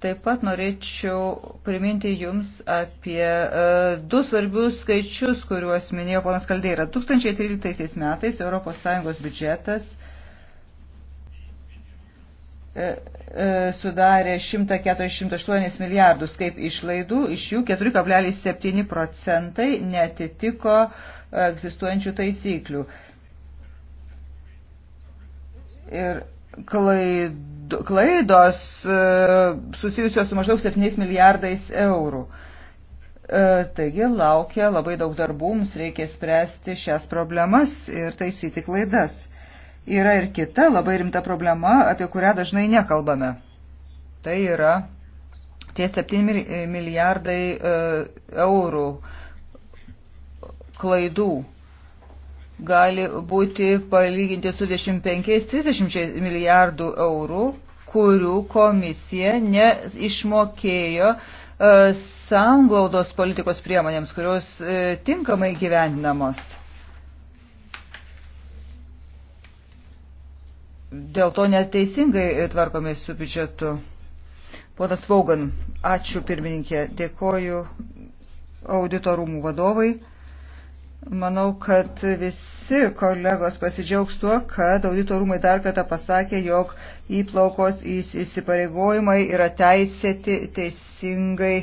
Taip pat norėčiau priminti Jums apie uh, du svarbius skaičius, kuriuos minėjo ponas Kaldeira. 2013 metais ES biudžetas e, e, sudarė 148 milijardus kaip išlaidų, iš jų 4,7 procentai netitiko egzistuojančių taisyklių. Ir klaidų klaidos e, susijusios su maždaug 7 milijardais eurų. E, taigi laukia labai daug darbų, mums reikia spręsti šias problemas ir taisyti klaidas. Yra ir kita labai rimta problema, apie kurią dažnai nekalbame. Tai yra tie 7 milijardai e, eurų klaidų gali būti palyginti su 25-30 milijardų eurų, kurių komisija neišmokėjo e, sanglaudos politikos priemonėms, kurios e, tinkamai gyvendinamos. Dėl to neteisingai tvarkomės su biudžetu. Ponas Vaugan, ačiū pirmininkė, dėkoju auditorumų vadovai. Manau, kad visi kolegos pasidžiaugs tuo, kad audito rūmai dar kartą pasakė, jog įplaukos įsipareigojimai yra teisėti, teisingai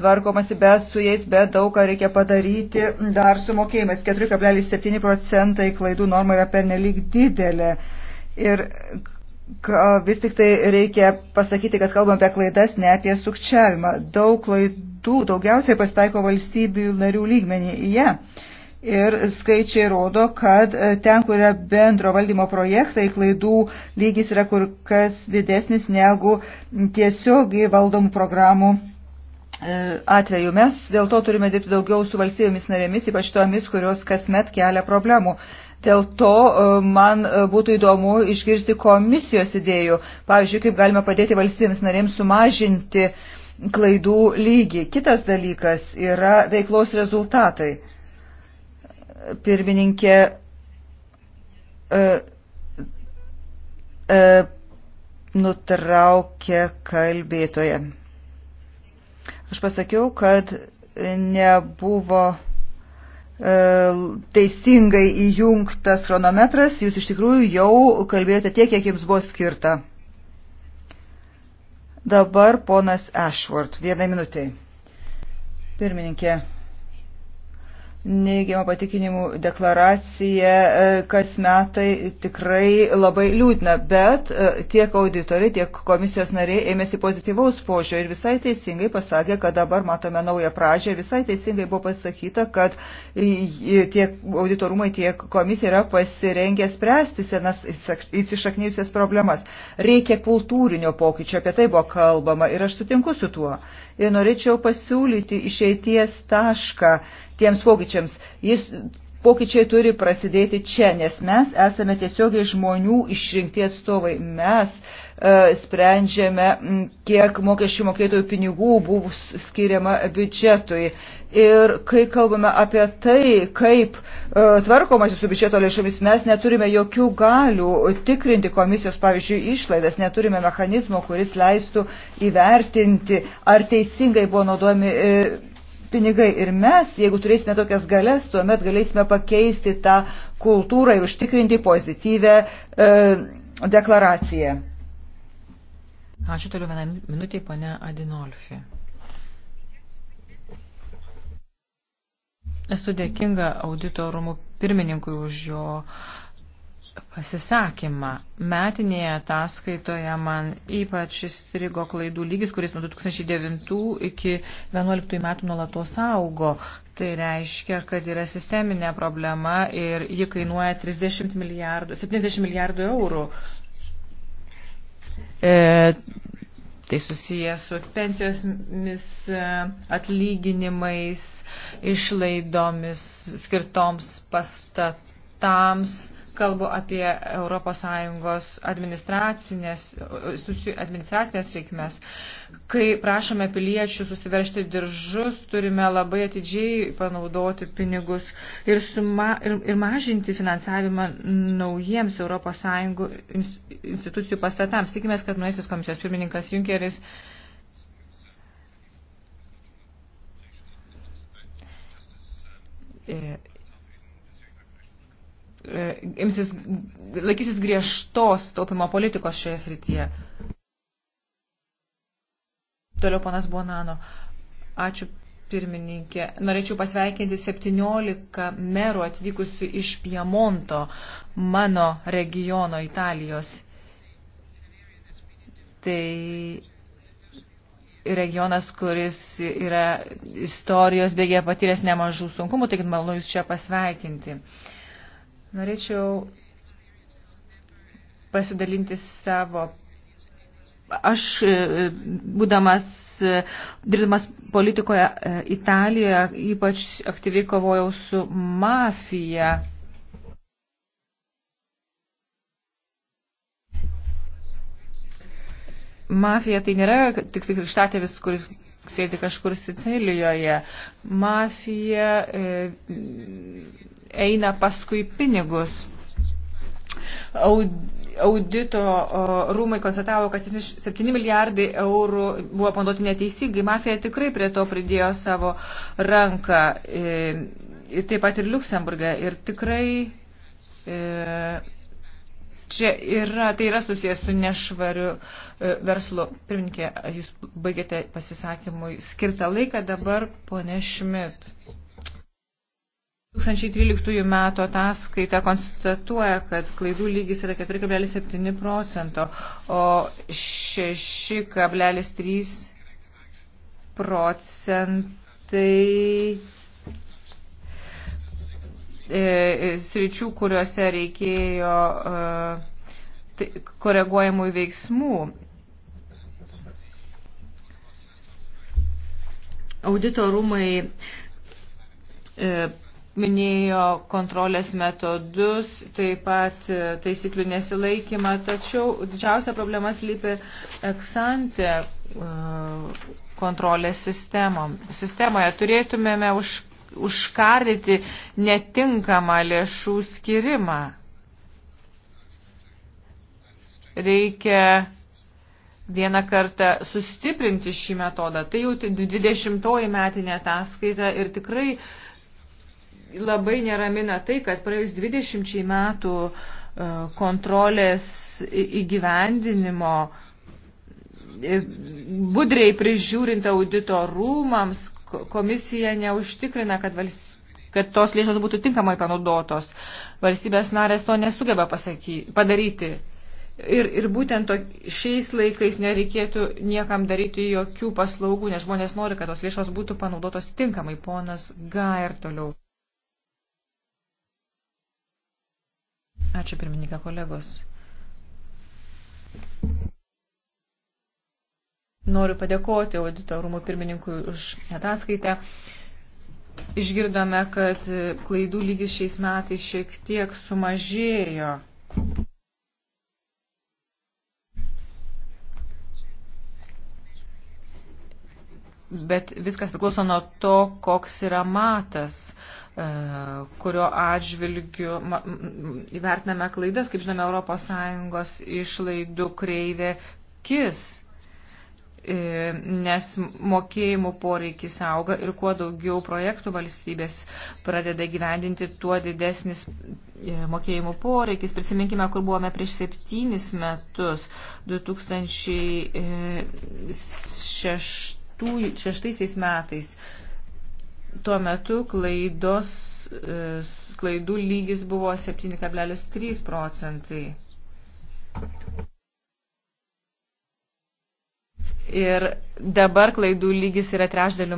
tvarkomasi, bet su jais bet daug ką reikia padaryti dar sumokėjimas. 4,7 procentai klaidų norma yra pernelyg didelė. Ir vis tik tai reikia pasakyti, kad kalbam apie klaidas, ne apie sukčiavimą. Daug klaidų daugiausiai pasitaiko valstybių narių lygmenį. Yeah. Ir skaičiai rodo, kad e, ten, kur yra bendro valdymo projektai, klaidų lygis yra kur kas didesnis negu tiesiogiai valdomų programų e, atveju. Mes dėl to turime dirbti daugiau su valstybėmis narėmis, ypač tomis, kurios kasmet kelia problemų. Dėl to e, man būtų įdomu išgirsti komisijos idėjų. Pavyzdžiui, kaip galime padėti valstybėms narėms sumažinti klaidų lygį. Kitas dalykas yra veiklos rezultatai pirmininkė e, e, nutraukė kalbėtoje. Aš pasakiau, kad nebuvo e, teisingai įjungtas chronometras, jūs iš tikrųjų jau kalbėjote tiek, kiek jums buvo skirta. Dabar ponas Ashworth, vienai minutiai. Pirmininkė, neigiamą patikinimų deklaraciją e, kas metai tikrai labai liūdna, bet e, tiek auditoriai, tiek komisijos nariai ėmėsi pozityvaus požiūrio ir visai teisingai pasakė, kad dabar matome naują pradžią, visai teisingai buvo pasakyta, kad tiek auditorumai, tiek komisija yra pasirengę spręsti senas įsišaknyjusias problemas. Reikia kultūrinio pokyčio, apie tai buvo kalbama ir aš sutinku su tuo ir norėčiau pasiūlyti išeities tašką tiems pokyčiams. Jis, pokyčiai turi prasidėti čia, nes mes esame tiesiogiai žmonių išrinkti atstovai. Mes E, sprendžiame, kiek mokesčių mokėtojų pinigų buvo skiriama biudžetui. Ir kai kalbame apie tai, kaip e, tvarkomasi su biudžeto lėšomis, mes neturime jokių galių tikrinti komisijos, pavyzdžiui, išlaidas, neturime mechanizmo, kuris leistų įvertinti, ar teisingai buvo naudojami e, pinigai. Ir mes, jeigu turėsime tokias galės, tuomet galėsime pakeisti tą kultūrą ir užtikrinti pozityvę e, deklaraciją. Ačiū toliau vieną minutę, pane Adinolfi. Esu dėkinga auditorumų pirmininkui už jo pasisakymą. Metinėje ataskaitoje man ypač įstrigo klaidų lygis, kuris nuo 2009 iki 2011 metų nuolatos augo. Tai reiškia, kad yra sisteminė problema ir ji kainuoja 30 milijardų, 70 milijardų eurų E, tai susijęs su pensijomis, e, atlyginimais, išlaidomis skirtoms pastatams Kalbu apie ES administracinės, administracinės reikmes. Kai prašome piliečių susiveršti diržus, turime labai atidžiai panaudoti pinigus ir, suma, ir, ir mažinti finansavimą naujiems ES institucijų pastatams. Tikimės, kad nuėsis komisijos pirmininkas Junkeris e, E, imsis, laikysis griežtos taupimo politikos šioje srityje. Toliau panas Bonano. Ačiū pirmininkė. Norėčiau pasveikinti 17 merų atvykusių iš Piemonto, mano regiono Italijos. Tai regionas, kuris yra istorijos bėgė patyręs nemažų sunkumų, taigi malonu jūs čia pasveikinti. Uh, Norėčiau pasidalinti savo. Aš, e, būdamas, e, dirbdamas politikoje e, Italijoje, ypač aktyviai kovojau su mafija. Mafija tai nėra tik tai krikštatėvis, kuris sėdi kažkur Sicilijoje. Mafija e, eina paskui pinigus. Audito rūmai konstatavo, kad 7 milijardai eurų buvo panaudoti neteisingai. Mafija tikrai prie to pridėjo savo ranką. E, taip pat ir Luksemburgė. Ir tikrai e, čia yra, tai yra susijęs su nešvariu e, verslu. Pirminkė, jūs baigėte pasisakymui skirtą laiką, dabar ponė Šmit. 2013 metų ataskaita konstatuoja, kad klaidų lygis yra 4,7 procento, o 6,3 procentai E, e, sričių, kuriuose reikėjo e, tai, koreguojamų veiksmų. Audito rūmai e, minėjo kontrolės metodus, taip pat e, taisyklių nesilaikymą, tačiau didžiausia problema slypi eksante e, kontrolės sistemom. sistemoje. Turėtumėme už užkardyti netinkamą lėšų skirimą. Reikia vieną kartą sustiprinti šį metodą. Tai jau 20-oji metinė ataskaita ir tikrai labai neramina tai, kad praėjus 20 metų e, kontrolės įgyvendinimo e, budriai prižiūrint audito rūmams, komisija neužtikrina, kad, vals, kad tos lėšos būtų tinkamai panaudotos. Valstybės narės to nesugeba pasaky, padaryti. Ir, ir būtent to, šiais laikais nereikėtų niekam daryti jokių paslaugų, nes žmonės nori, kad tos lėšos būtų panaudotos tinkamai. Ponas Gair toliau. Ačiū pirmininką kolegos. Noriu padėkoti audito rūmų pirmininkui už ataskaitę. Išgirdome, kad klaidų lygis šiais metais šiek tiek sumažėjo. Bet viskas priklauso nuo to, koks yra matas, e, kurio atžvilgiu įvertiname klaidas. Kaip žinome, ES išlaidų kreivė kis E, nes mokėjimų poreikis auga ir kuo daugiau projektų valstybės pradeda gyvendinti, tuo didesnis e, mokėjimų poreikis. Prisiminkime, kur buvome prieš septynis metus, 2006 metais. Tuo metu klaidos, e, klaidų lygis buvo 7,3 procentai. Ir dabar klaidų lygis yra trešdaliu,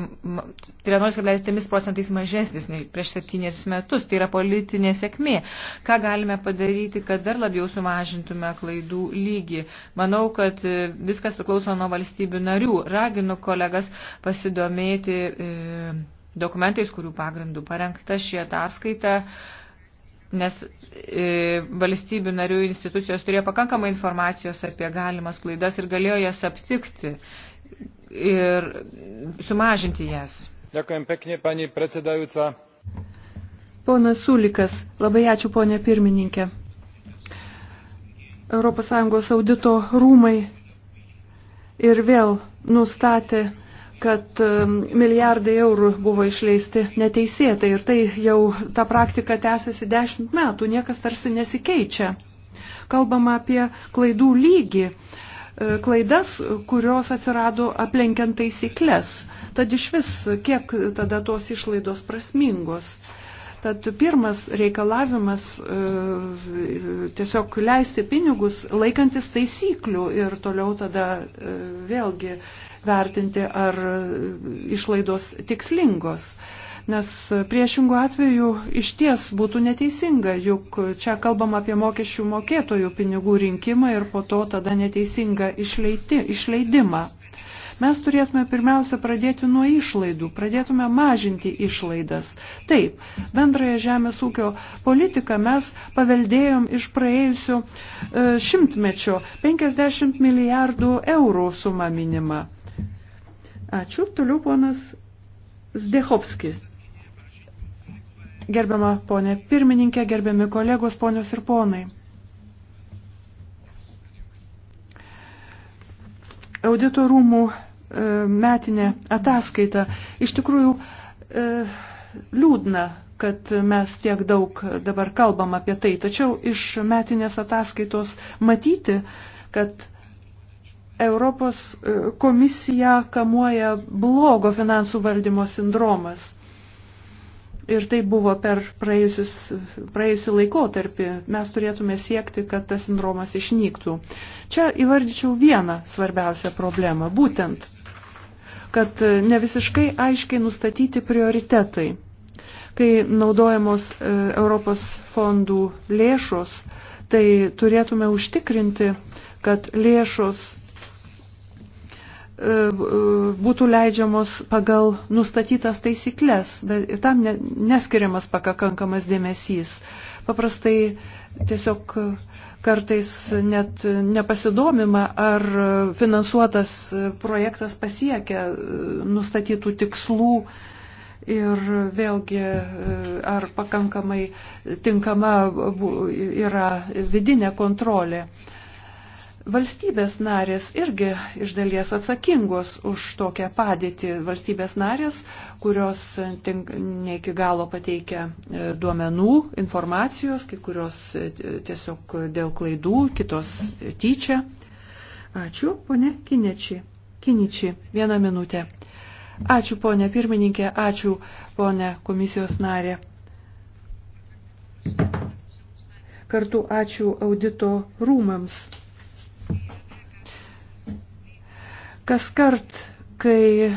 tai 11,3 procentais mažesnis nei prieš septynerius metus. Tai yra politinė sėkmė. Ką galime padaryti, kad dar labiau sumažintume klaidų lygį? Manau, kad e, viskas priklauso nuo valstybių narių. Raginu kolegas pasidomėti e, dokumentais, kurių pagrindų parengta šį ataskaitą. E, nes e, valstybių narių institucijos turėjo pakankamai informacijos apie galimas klaidas ir galėjo jas aptikti ir sumažinti jas. Dėkojame pekne, panie precedajuca. Ponas Sulikas, labai ačiū ponė pirmininkė. ES audito rūmai ir vėl nustatė kad um, milijardai eurų buvo išleisti neteisėtai ir tai jau ta praktika tęsiasi dešimt metų, niekas tarsi nesikeičia. Kalbama apie klaidų lygį, e, klaidas, kurios atsirado aplenkiant taisyklės. Tad iš vis, kiek tada tos išlaidos prasmingos. Tad pirmas reikalavimas e, tiesiog leisti pinigus laikantis taisyklių ir toliau tada e, vėlgi vertinti, ar išlaidos tikslingos. Nes priešingų atveju iš ties būtų neteisinga, juk čia kalbam apie mokesčių mokėtojų pinigų rinkimą ir po to tada neteisingą išleiti, išleidimą mes turėtume pirmiausia pradėti nuo išlaidų, pradėtume mažinti išlaidas. Taip, bendrąją žemės ūkio politiką mes paveldėjom iš praėjusio e, šimtmečio 50 milijardų eurų suma minima. Ačiū. Toliau ponas Zdechovskis. Gerbiama ponė pirmininkė, gerbiami kolegos, ponios ir ponai. Audito rūmų e, metinė ataskaita iš tikrųjų e, liūdna, kad mes tiek daug dabar kalbam apie tai. Tačiau iš metinės ataskaitos matyti, kad Europos e, komisiją kamuoja blogo finansų valdymo sindromas. Ir tai buvo per praėjusius, praėjusią laikotarpį. Mes turėtume siekti, kad tas sindromas išnyktų. Čia įvardyčiau vieną svarbiausią problemą. Būtent, kad ne visiškai aiškiai nustatyti prioritetai. Kai naudojamos e, Europos fondų lėšos, tai turėtume užtikrinti, kad lėšos E, e, būtų leidžiamos pagal nustatytas taisyklės, bet tam neskiriamas pakankamas dėmesys. Paprastai tiesiog kartais net nepasidomima, ar finansuotas projektas pasiekia e, nustatytų tikslų ir vėlgi ar pakankamai tinkama yra vidinė kontrolė. Valstybės narės irgi iš dalies atsakingos už tokią padėtį. Valstybės narės, kurios tink, ne iki galo pateikia e, duomenų, informacijos, kai kurios e, tiesiog dėl klaidų, kitos tyčia. Ačiū, ponė Kinečiai. Kiničiai, vieną minutę. Ačiū, ponė pirmininkė, ačiū, ponė komisijos narė. Kartu ačiū audito rūmams Kas kart, kai e,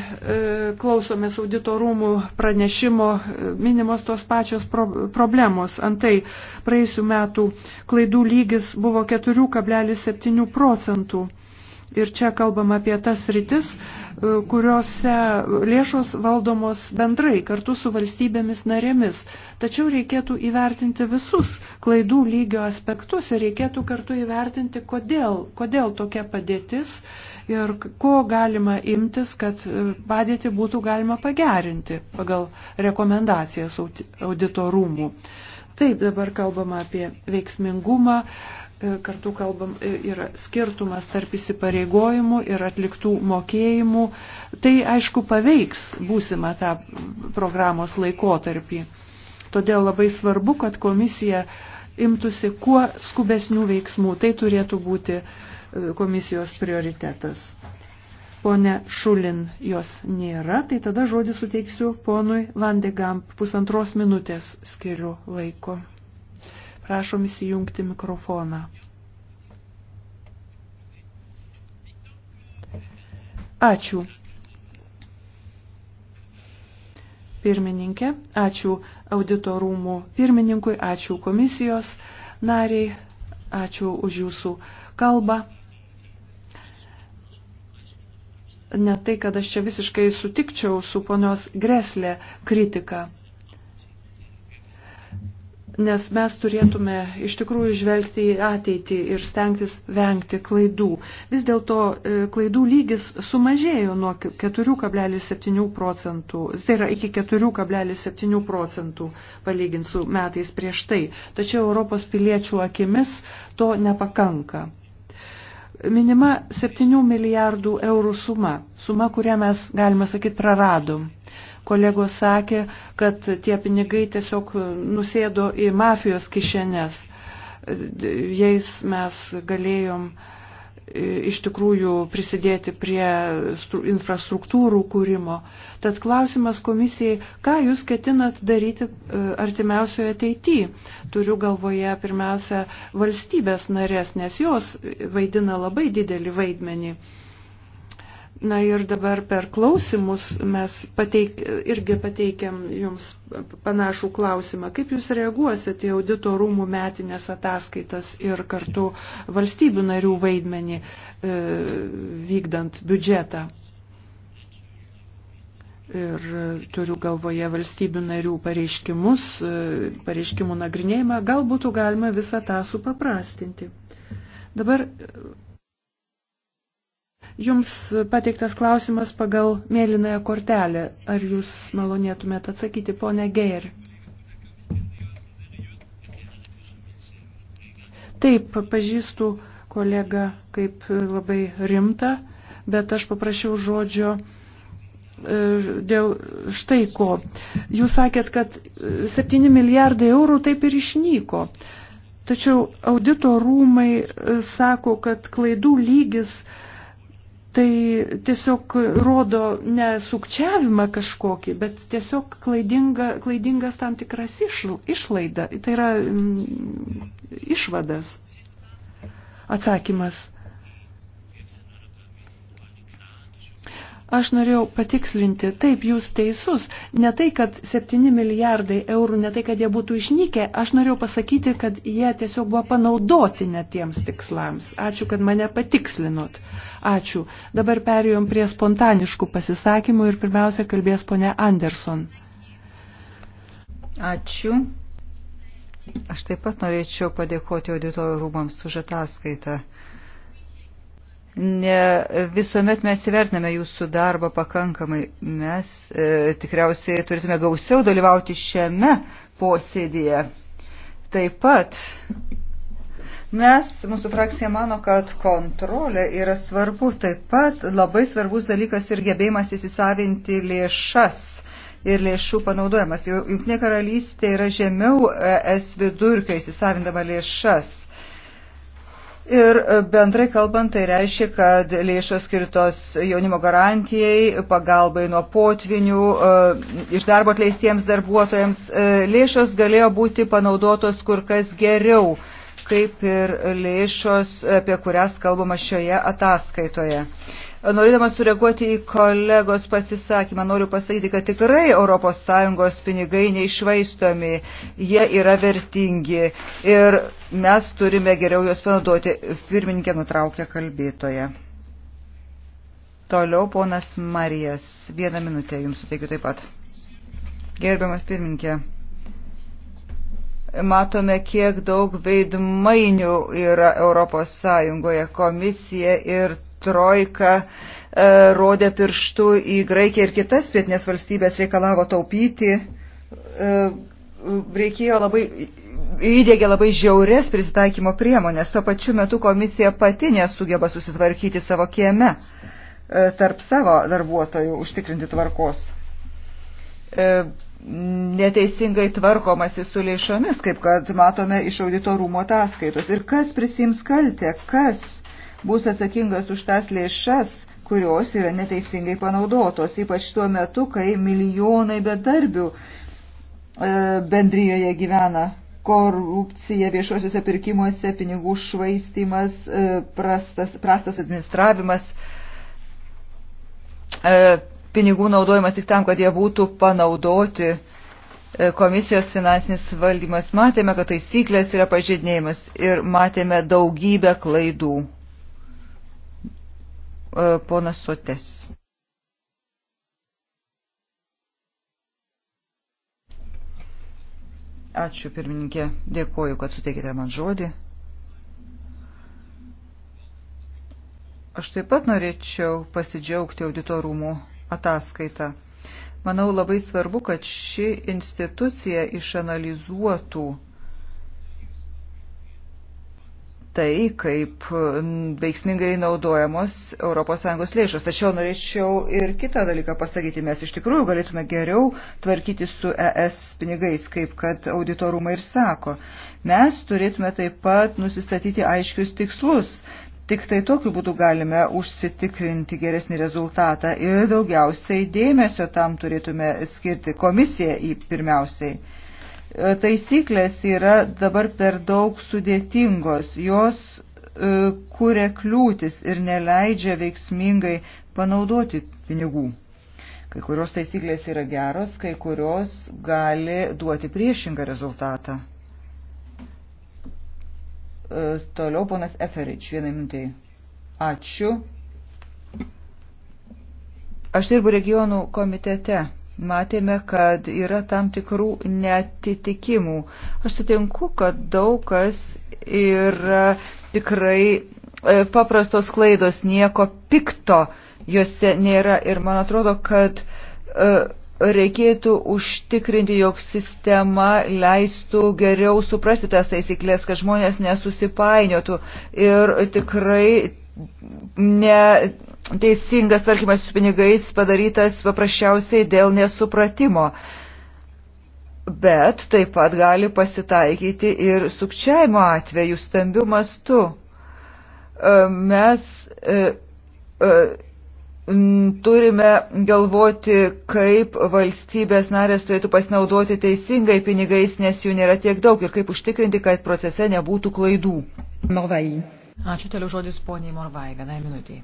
klausomės auditorumų pranešimo, e, minimos tos pačios pro, problemos. Antai praėjusių metų klaidų lygis buvo 4,7 procentų. Ir čia kalbam apie tas rytis, e, kuriuose lėšos valdomos bendrai kartu su valstybėmis narėmis. Tačiau reikėtų įvertinti visus klaidų lygio aspektus ir reikėtų kartu įvertinti, kodėl, kodėl tokia padėtis ir ko galima imtis, kad e, padėtį būtų galima pagerinti pagal rekomendacijas auditorumų. Taip, dabar kalbama apie veiksmingumą, e, kartu kalbam ir e, skirtumas tarp įsipareigojimų ir atliktų mokėjimų. Tai aišku paveiks būsimą tą programos laikotarpį. Todėl labai svarbu, kad komisija imtųsi kuo skubesnių veiksmų. Tai turėtų būti uh, komisijos prioritetas. Pone Šulin, jos nėra, tai tada žodį suteiksiu ponui Vandegamp. Pusantros minutės skiriu laiko. Prašom įsijungti mikrofoną. Ačiū. Pirmininkė, ačiū auditorumų pirmininkui, ačiū komisijos nariai, ačiū už jūsų kalbą. ne tai, kad aš čia visiškai sutikčiau su ponios Greslė kritika. Nes mes turėtume iš tikrųjų žvelgti į ateitį ir stengtis vengti klaidų. Vis dėlto e, klaidų lygis sumažėjo nuo 4,7 procentų, tai yra iki 4,7 procentų palyginti su metais prieš tai. Tačiau Europos piliečių akimis to nepakanka minima 7 milijardų eurų suma, suma, kurią mes, galima sakyti, praradom. Kolegos sakė, kad tie pinigai tiesiog nusėdo į mafijos kišenes. Jais mes galėjom uh, iš tikrųjų prisidėti prie infrastruktūrų kūrimo. Tad klausimas komisijai, ką jūs ketinat daryti e, artimiausioje ateityje? Turiu galvoje pirmiausia valstybės narės, nes jos vaidina labai didelį vaidmenį Na ir dabar per klausimus mes pateik, irgi pateikėm jums panašų klausimą. Kaip jūs reaguosite į audito rūmų metinės ataskaitas ir kartu valstybių narių vaidmenį e, vykdant biudžetą? ir turiu galvoje valstybių narių pareiškimus, e, pareiškimų nagrinėjimą, gal būtų galima visą tą supaprastinti. Dabar Jums pateiktas klausimas pagal mėlynąją kortelę. Ar jūs malonėtumėt atsakyti, ponė Geir? Taip, pažįstu kolegą kaip labai rimtą, bet aš paprašiau žodžio e, dėl štai ko. Jūs sakėt, kad 7 e, milijardai eurų taip ir išnyko. Tačiau audito rūmai e, sako, kad klaidų lygis tai tiesiog rodo ne sukčiavimą kažkokį, bet tiesiog klaidinga, klaidingas tam tikras išlaida, tai yra m, mm, išvadas. Atsakymas Aš norėjau patikslinti, taip, jūs teisus, ne tai, kad 7 milijardai eurų, ne tai, kad jie būtų išnykę, aš norėjau pasakyti, kad jie tiesiog buvo panaudoti netiems tikslams. Ačiū, kad mane patikslinot. Ačiū. Dabar perėjom prie spontaniškų pasisakymų ir pirmiausia kalbės ponė Anderson. Ačiū. Aš taip pat norėčiau padėkoti auditorų rūmams už ataskaitą ne visuomet mes įvertiname jūsų darbą pakankamai. Mes e, tikriausiai turėtume gausiau dalyvauti šiame posėdėje. Taip pat mes, mūsų frakcija mano, kad kontrolė yra svarbu. Taip pat labai svarbus dalykas ir gebėjimas įsisavinti lėšas. Ir lėšų panaudojimas. Junknė karalystė yra žemiau e, es vidurkio įsisavindama lėšas Ir e, bendrai kalbant, tai reiškia, kad lėšos skirtos jaunimo garantijai, pagalbai nuo potvinių, e, iš darbo atleistiems darbuotojams, e, lėšos galėjo būti panaudotos kur kas geriau, kaip ir lėšos, apie kurias kalbama šioje ataskaitoje. Norėdamas sureaguoti į kolegos pasisakymą, noriu pasakyti, kad tikrai ES pinigai neišvaistomi, jie yra vertingi ir mes turime geriau juos panaudoti. Pirmininkė nutraukė kalbėtoje. Toliau ponas Marijas. Vieną minutę jums suteikiu taip pat. Gerbiamas pirmininkė matome, kiek daug veidmainių yra Europos Sąjungoje komisija ir trojka e, rodė pirštų į Graikiją ir kitas pietinės valstybės reikalavo taupyti. E, reikėjo labai, įdėgė labai žiaurės prisitaikymo priemonės. Tuo pačiu metu komisija pati nesugeba susitvarkyti savo kieme e, tarp savo darbuotojų užtikrinti tvarkos. Neteisingai tvarkomasi su lėšomis, kaip kad matome iš audito rūmo ataskaitos. Ir kas prisims kaltę, kas bus atsakingas už tas lėšas, kurios yra neteisingai panaudotos, ypač tuo metu, kai milijonai bedarbių e, bendryjoje gyvena korupcija viešuosiuose pirkimuose, pinigų švaistimas, e, prastas, prastas administravimas, e, pinigų naudojimas tik tam, kad jie būtų panaudoti komisijos finansinis valdymas. Matėme, kad taisyklės yra pažydinėjimas ir matėme daugybę klaidų. E, ponas Sotes. Ačiū pirmininkė, dėkoju, kad suteikite man žodį. Aš taip pat norėčiau pasidžiaugti auditorumų ataskaitą. Manau labai svarbu, kad ši institucija išanalizuotų tai, kaip veiksmingai naudojamos ES lėšos. Tačiau norėčiau ir kitą dalyką pasakyti. Mes iš tikrųjų galėtume geriau tvarkyti su ES pinigais, kaip kad auditorumai ir sako. Mes turėtume taip pat nusistatyti aiškius tikslus. Tik tai tokiu būdu galime užsitikrinti geresnį rezultatą ir daugiausiai dėmesio tam turėtume skirti komisiją į pirmiausiai. E, taisyklės yra dabar per daug sudėtingos, jos e, kūrė kliūtis ir neleidžia veiksmingai panaudoti pinigų. Kai kurios taisyklės yra geros, kai kurios gali duoti priešingą rezultatą. E, toliau ponas Eferič, vienai mintai. Ačiū. Aš dirbu regionų komitete matėme, kad yra tam tikrų netitikimų. Aš sutinku, kad daug kas yra tikrai e, paprastos klaidos, nieko pikto juose nėra ir man atrodo, kad e, reikėtų užtikrinti, jog sistema leistų geriau suprasti tas taisyklės, kad žmonės nesusipainiotų ir tikrai neteisingas tarkimas su pinigais padarytas paprasčiausiai dėl nesupratimo. Bet taip pat gali pasitaikyti ir sukčiavimo atveju stambių mastų. E, mes e, e, turime galvoti, kaip valstybės narės turėtų pasinaudoti teisingai pinigais, nes jų nėra tiek daug ir kaip užtikrinti, kad procese nebūtų klaidų. Morvai. Ačiū toliau žodis poniai Morvai, vienai minutiai.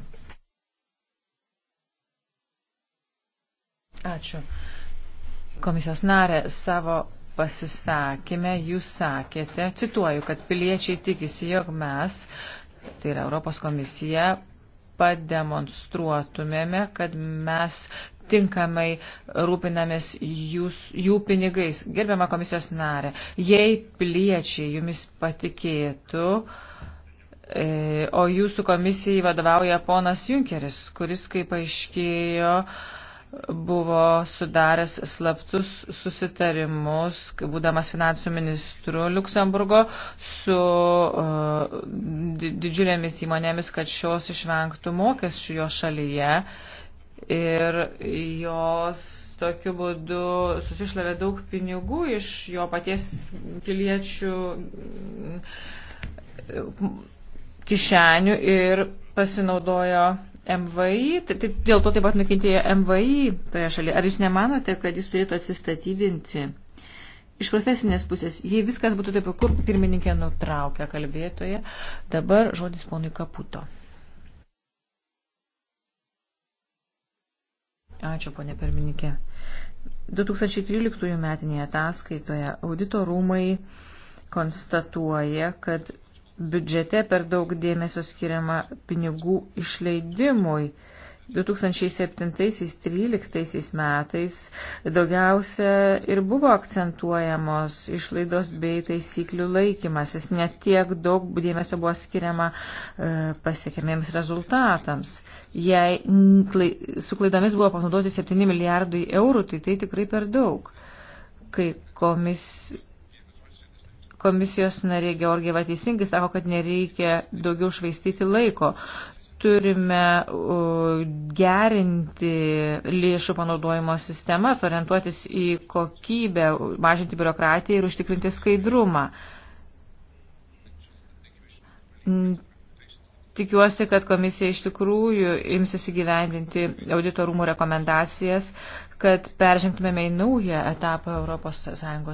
Ačiū. Komisijos narė savo pasisakymę jūs sakėte, cituoju, kad piliečiai tikisi, jog mes, tai yra Europos komisija, pademonstruotumėme, kad mes tinkamai rūpinamės jūs, jų pinigais. Gerbiama komisijos narė, jei piliečiai jumis patikėtų, uh, E, o jūsų komisijai vadovauja ponas Junkeris, kuris, kaip aiškėjo, buvo sudaręs slaptus susitarimus, būdamas finansų ministru Luksemburgo, su uh, didžiulėmis įmonėmis, kad šios išvengtų mokesčių jo šalyje. Ir jos tokiu būdu susišlavė daug pinigų iš jo paties piliečių kišenių ir pasinaudojo MVI, tai, tai dėl to taip pat nukentėjo MVI toje šalyje. Ar jūs nemanote, kad jis turėtų atsistatydinti? Iš profesinės pusės, jei viskas būtų taip, kur pirmininkė nutraukia kalbėtoje, dabar žodis ponui Kaputo. Ačiū, ponė pirmininkė. 2013 metinėje ataskaitoje audito rūmai konstatuoja, kad biudžete per daug dėmesio skiriama pinigų išleidimui. 2007-2013 metais daugiausia ir buvo akcentuojamos išlaidos bei taisyklių laikymasis, net tiek daug dėmesio buvo skiriama e, pasiekiamiems rezultatams. Jei su klaidomis buvo panaudoti 7 milijardai eurų, tai tai tikrai per daug. Kai komis, Komisijos narė Georgieva teisingai sako, kad nereikia daugiau švaistyti laiko. Turime uh, gerinti lėšų panaudojimo sistemas, orientuotis į kokybę, mažinti biurokratiją ir užtikrinti skaidrumą Tikiuosi, kad komisija iš tikrųjų imsis įgyvendinti auditorumų rekomendacijas, kad peržengtumėme į naują etapą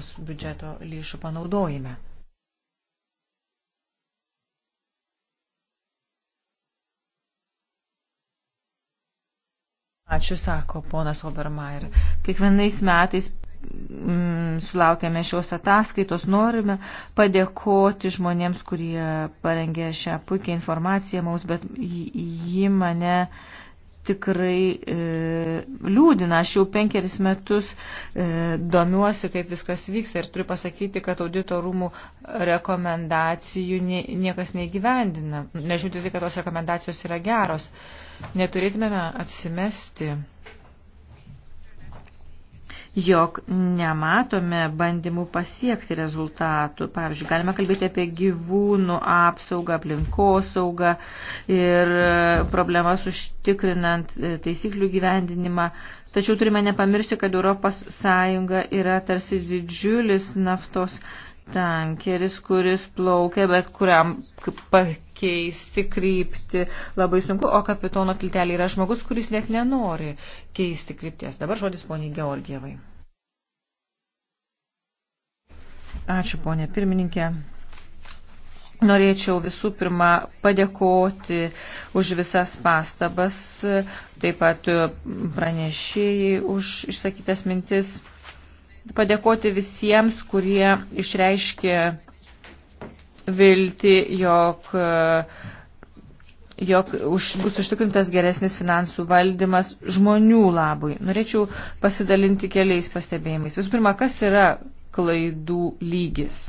ES biudžeto lėšų panaudojime. Ačiū, sako ponas Obermeier. Kiekvienais metais mm, sulaukėme šios ataskaitos, norime padėkoti žmonėms, kurie parengė šią puikią informaciją mums, bet ji mane tikrai e, liūdina. Aš jau penkeris metus e, domiuosi, kaip viskas vyksta ir turiu pasakyti, kad audito rūmų rekomendacijų nie, niekas neįgyvendina. Nežiūrėti, tai, kad tos rekomendacijos yra geros. E, Neturėtumėme apsimesti, jog nematome bandymų pasiekti rezultatų. Pavyzdžiui, galime kalbėti apie gyvūnų apsaugą, aplinkosaugą ir problemas užtikrinant e, taisyklių gyvendinimą. Tačiau turime nepamiršti, kad ES yra tarsi didžiulis naftos tankeris, kuris plaukia, bet kuriam pakeisti krypti labai sunku, o kapitono kiltelė yra žmogus, kuris net nenori keisti krypties. Dabar žodis poniai Georgievai. Ačiū, ponė pirmininkė. Norėčiau visų pirma padėkoti už visas pastabas, taip pat pranešėjai už išsakytas mintis padėkoti visiems, kurie išreiškė vilti, jog, jog už, bus užtikrintas geresnis finansų valdymas žmonių labui. Norėčiau pasidalinti keliais pastebėjimais. Visų pirma, kas yra klaidų lygis?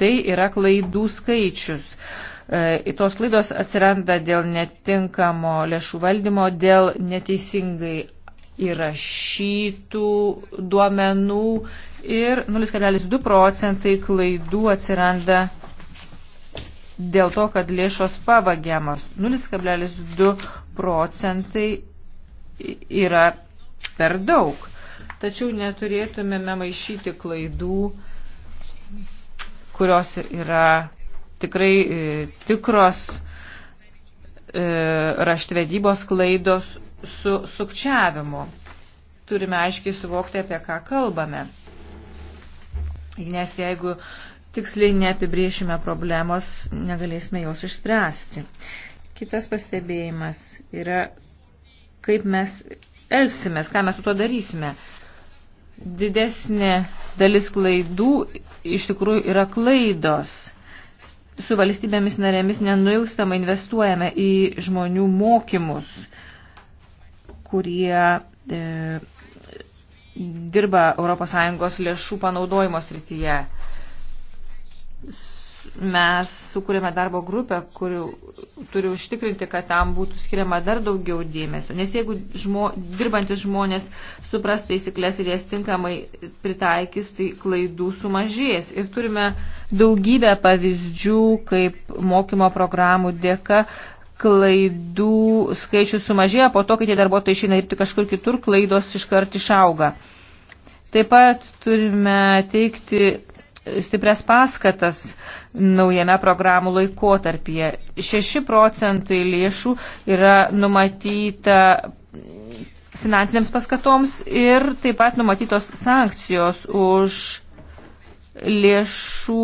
Tai yra klaidų skaičius. E, tos klaidos atsiranda dėl netinkamo lėšų valdymo, dėl neteisingai įrašytų duomenų ir 0,2 procentai klaidų atsiranda dėl to, kad lėšos pavagiamos. 0,2 procentai yra per daug. Tačiau neturėtumėme maišyti klaidų, kurios yra tikrai e, tikros e, raštvedybos klaidos su sukčiavimu. Turime aiškiai suvokti, apie ką kalbame. Nes jeigu tiksliai neapibriešime problemos, negalėsime jos išspręsti. Kitas pastebėjimas yra, kaip mes elgsimės, ką mes su to darysime. Didesnė dalis klaidų iš tikrųjų yra klaidos. Su valstybėmis narėmis nenuilstamai investuojame į žmonių mokymus. Uh, kurie e, dirba ES lėšų panaudojimo srityje. Mes sukūrėme darbo grupę, kuri turi užtikrinti, kad tam būtų skiriama dar daugiau dėmesio. Nes jeigu žmo, dirbantis žmonės supras taisyklės ir jas tinkamai pritaikys, tai klaidų sumažės. Ir turime daugybę pavyzdžių, kaip mokymo programų dėka uh, klaidų skaičius sumažėja, po to, kai tie darbuotojai išeina dirbti kažkur kitur, klaidos iškart išauga. Taip pat turime teikti stipres paskatas naujame programų laikotarpyje. 6 procentai lėšų yra numatyta finansinėms paskatoms ir taip pat numatytos sankcijos už lėšų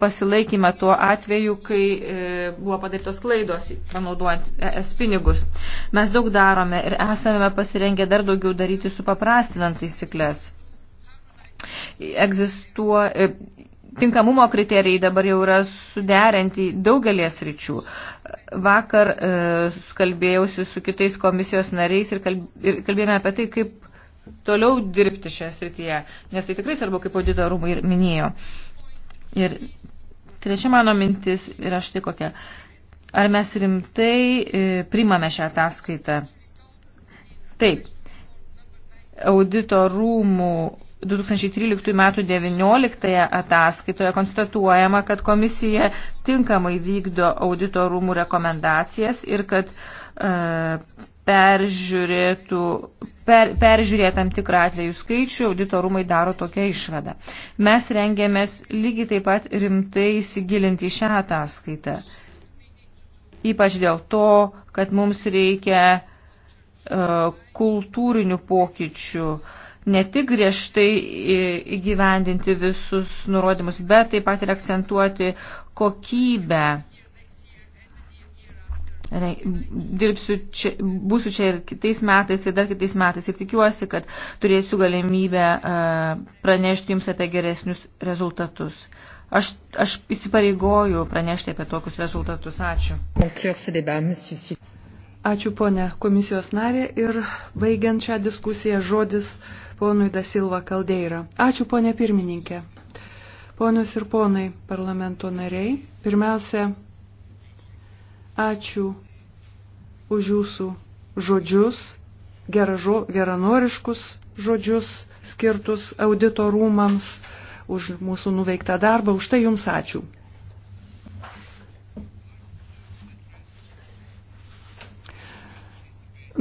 pasilaikymą tuo atveju, kai e, buvo padarytos klaidos, panaudojant es pinigus. Mes daug darome ir esame pasirengę dar daugiau daryti su paprastinant taisyklės. Egzistuo, e, tinkamumo kriterijai dabar jau yra suderinti daugelės ryčių. Vakar e, kalbėjausi su kitais komisijos nariais ir, kalb, ir kalbėjome apie tai, kaip toliau dirbti šioje srityje, nes tai tikrai svarbu, kaip audito rūmai ir minėjo. Ir trečia mano mintis yra štai kokia. Ar mes rimtai e, primame šią ataskaitą? Taip. Audito rūmų 2013 metų 19 ataskaitoje konstatuojama, kad komisija tinkamai vykdo audito rūmų rekomendacijas ir kad e, peržiūrėtų, per, peržiūrėję tam tikrą atvejų skaičių, auditorumai daro tokią išvadą. Mes rengėmės lygiai taip pat rimtai įsigilinti šią ataskaitą. Ypač dėl to, kad mums reikia uh, kultūrinių pokyčių, ne tik griežtai įgyvendinti visus nurodymus, bet taip pat ir akcentuoti kokybę dirbsiu čia, būsiu čia ir kitais metais, ir dar kitais metais. Ir tikiuosi, kad turėsiu galimybę e, pranešti jums apie geresnius rezultatus. Aš, aš įsipareigoju pranešti apie tokius rezultatus. Ačiū. Ačiū, ponė komisijos narė. Ir baigiant šią diskusiją žodis ponui Dasilva Kaldeira. Ačiū, ponė pirmininkė. Ponios ir ponai parlamento nariai, pirmiausia, Ačiū už jūsų žodžius, geražo, geranoriškus žodžius skirtus auditorumams, už mūsų nuveiktą darbą. Už tai jums ačiū.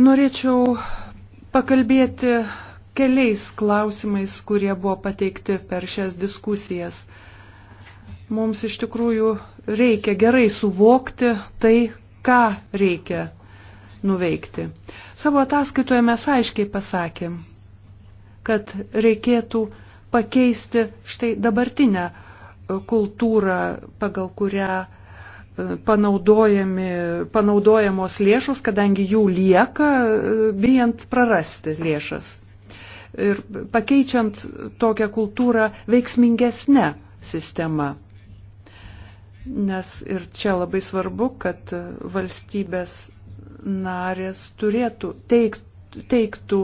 Norėčiau pakalbėti keliais klausimais, kurie buvo pateikti per šias diskusijas. Mums iš tikrųjų reikia gerai suvokti tai, ką reikia nuveikti. Savo ataskaitoje mes aiškiai pasakėm, kad reikėtų pakeisti štai dabartinę e, kultūrą, pagal kurią e, panaudojamos lėšos, kadangi jų lieka, e, bijant prarasti lėšas. Ir pakeičiant tokią kultūrą veiksmingesnę sistemą. Nes ir čia labai svarbu, kad valstybės narės turėtų, teikt, teiktų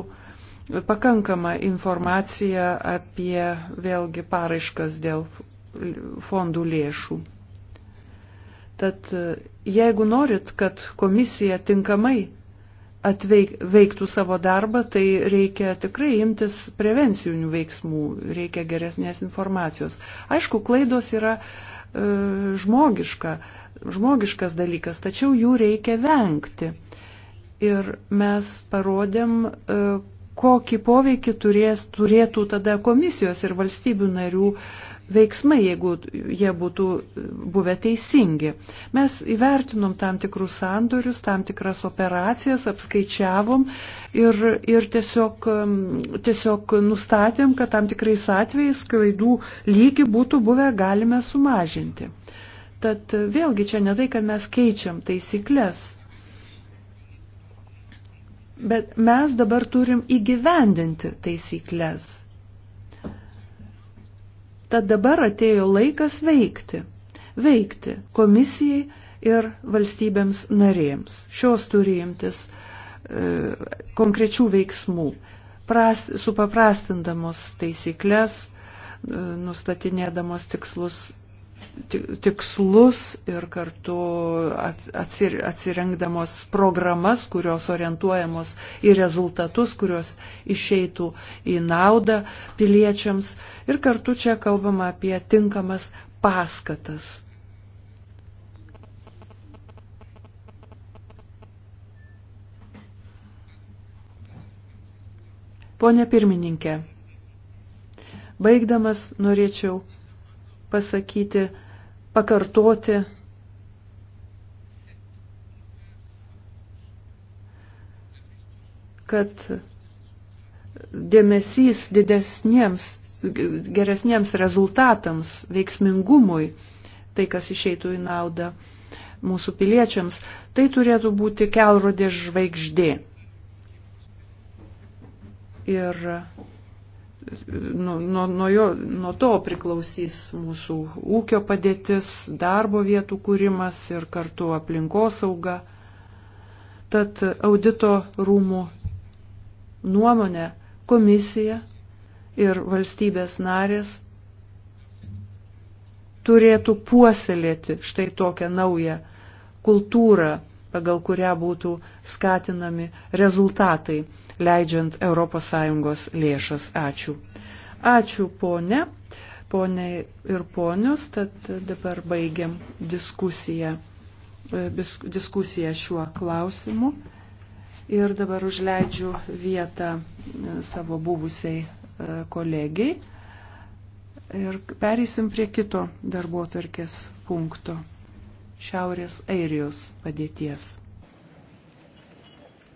pakankamą informaciją apie vėlgi paraiškas dėl fondų lėšų. Tad jeigu norit, kad komisija tinkamai atveiktų savo darbą, tai reikia tikrai imtis prevencinių veiksmų, reikia geresnės informacijos. Aišku, klaidos yra uh, žmogiška, žmogiškas dalykas, tačiau jų reikia vengti. Ir mes parodėm, e, kokį poveikį turės, turėtų tada komisijos ir valstybių narių uh, veiksmai, jeigu jie būtų buvę teisingi. Mes įvertinom tam tikrus sandorius, tam tikras operacijas, apskaičiavom ir, ir tiesiog, tiesiog nustatėm, kad tam tikrais atvejais klaidų lygį būtų buvę galime sumažinti. Tad vėlgi čia ne tai, kad mes keičiam taisyklės, bet mes dabar turim įgyvendinti taisyklės. Tad dabar atėjo laikas veikti. Veikti komisijai ir valstybėms narėms. Šios turi imtis e, konkrečių veiksmų, pras, supaprastindamos taisyklės, e, nustatinėdamos tikslus tikslus ir kartu atsir, atsirinkdamos programas, kurios orientuojamos į rezultatus, kurios išeitų į naudą piliečiams. Ir kartu čia kalbama apie tinkamas paskatas. Pone pirmininkė, baigdamas norėčiau pasakyti, pakartoti. kad dėmesys didesniems, geresniems rezultatams, veiksmingumui, tai kas išeitų į naudą mūsų piliečiams, tai turėtų būti kelrodė žvaigždė. Ir nuo, nuo, nuo, jo, nuo to priklausys mūsų ūkio padėtis, darbo vietų kūrimas ir kartu aplinkosauga. Tad audito rūmų nuomonė komisija ir valstybės narės turėtų puoselėti štai tokią naują kultūrą, pagal kurią būtų skatinami rezultatai leidžiant ES lėšas. Ačiū. Ačiū, ponė. Pone ir ponius, tad dabar baigiam diskusiją, e, diskusiją šiuo klausimu. Ir dabar užleidžiu vietą e, savo buvusiai e, kolegiai. Ir pereisim prie kito darbo tvarkės punkto - Šiaurės Airijos padėties.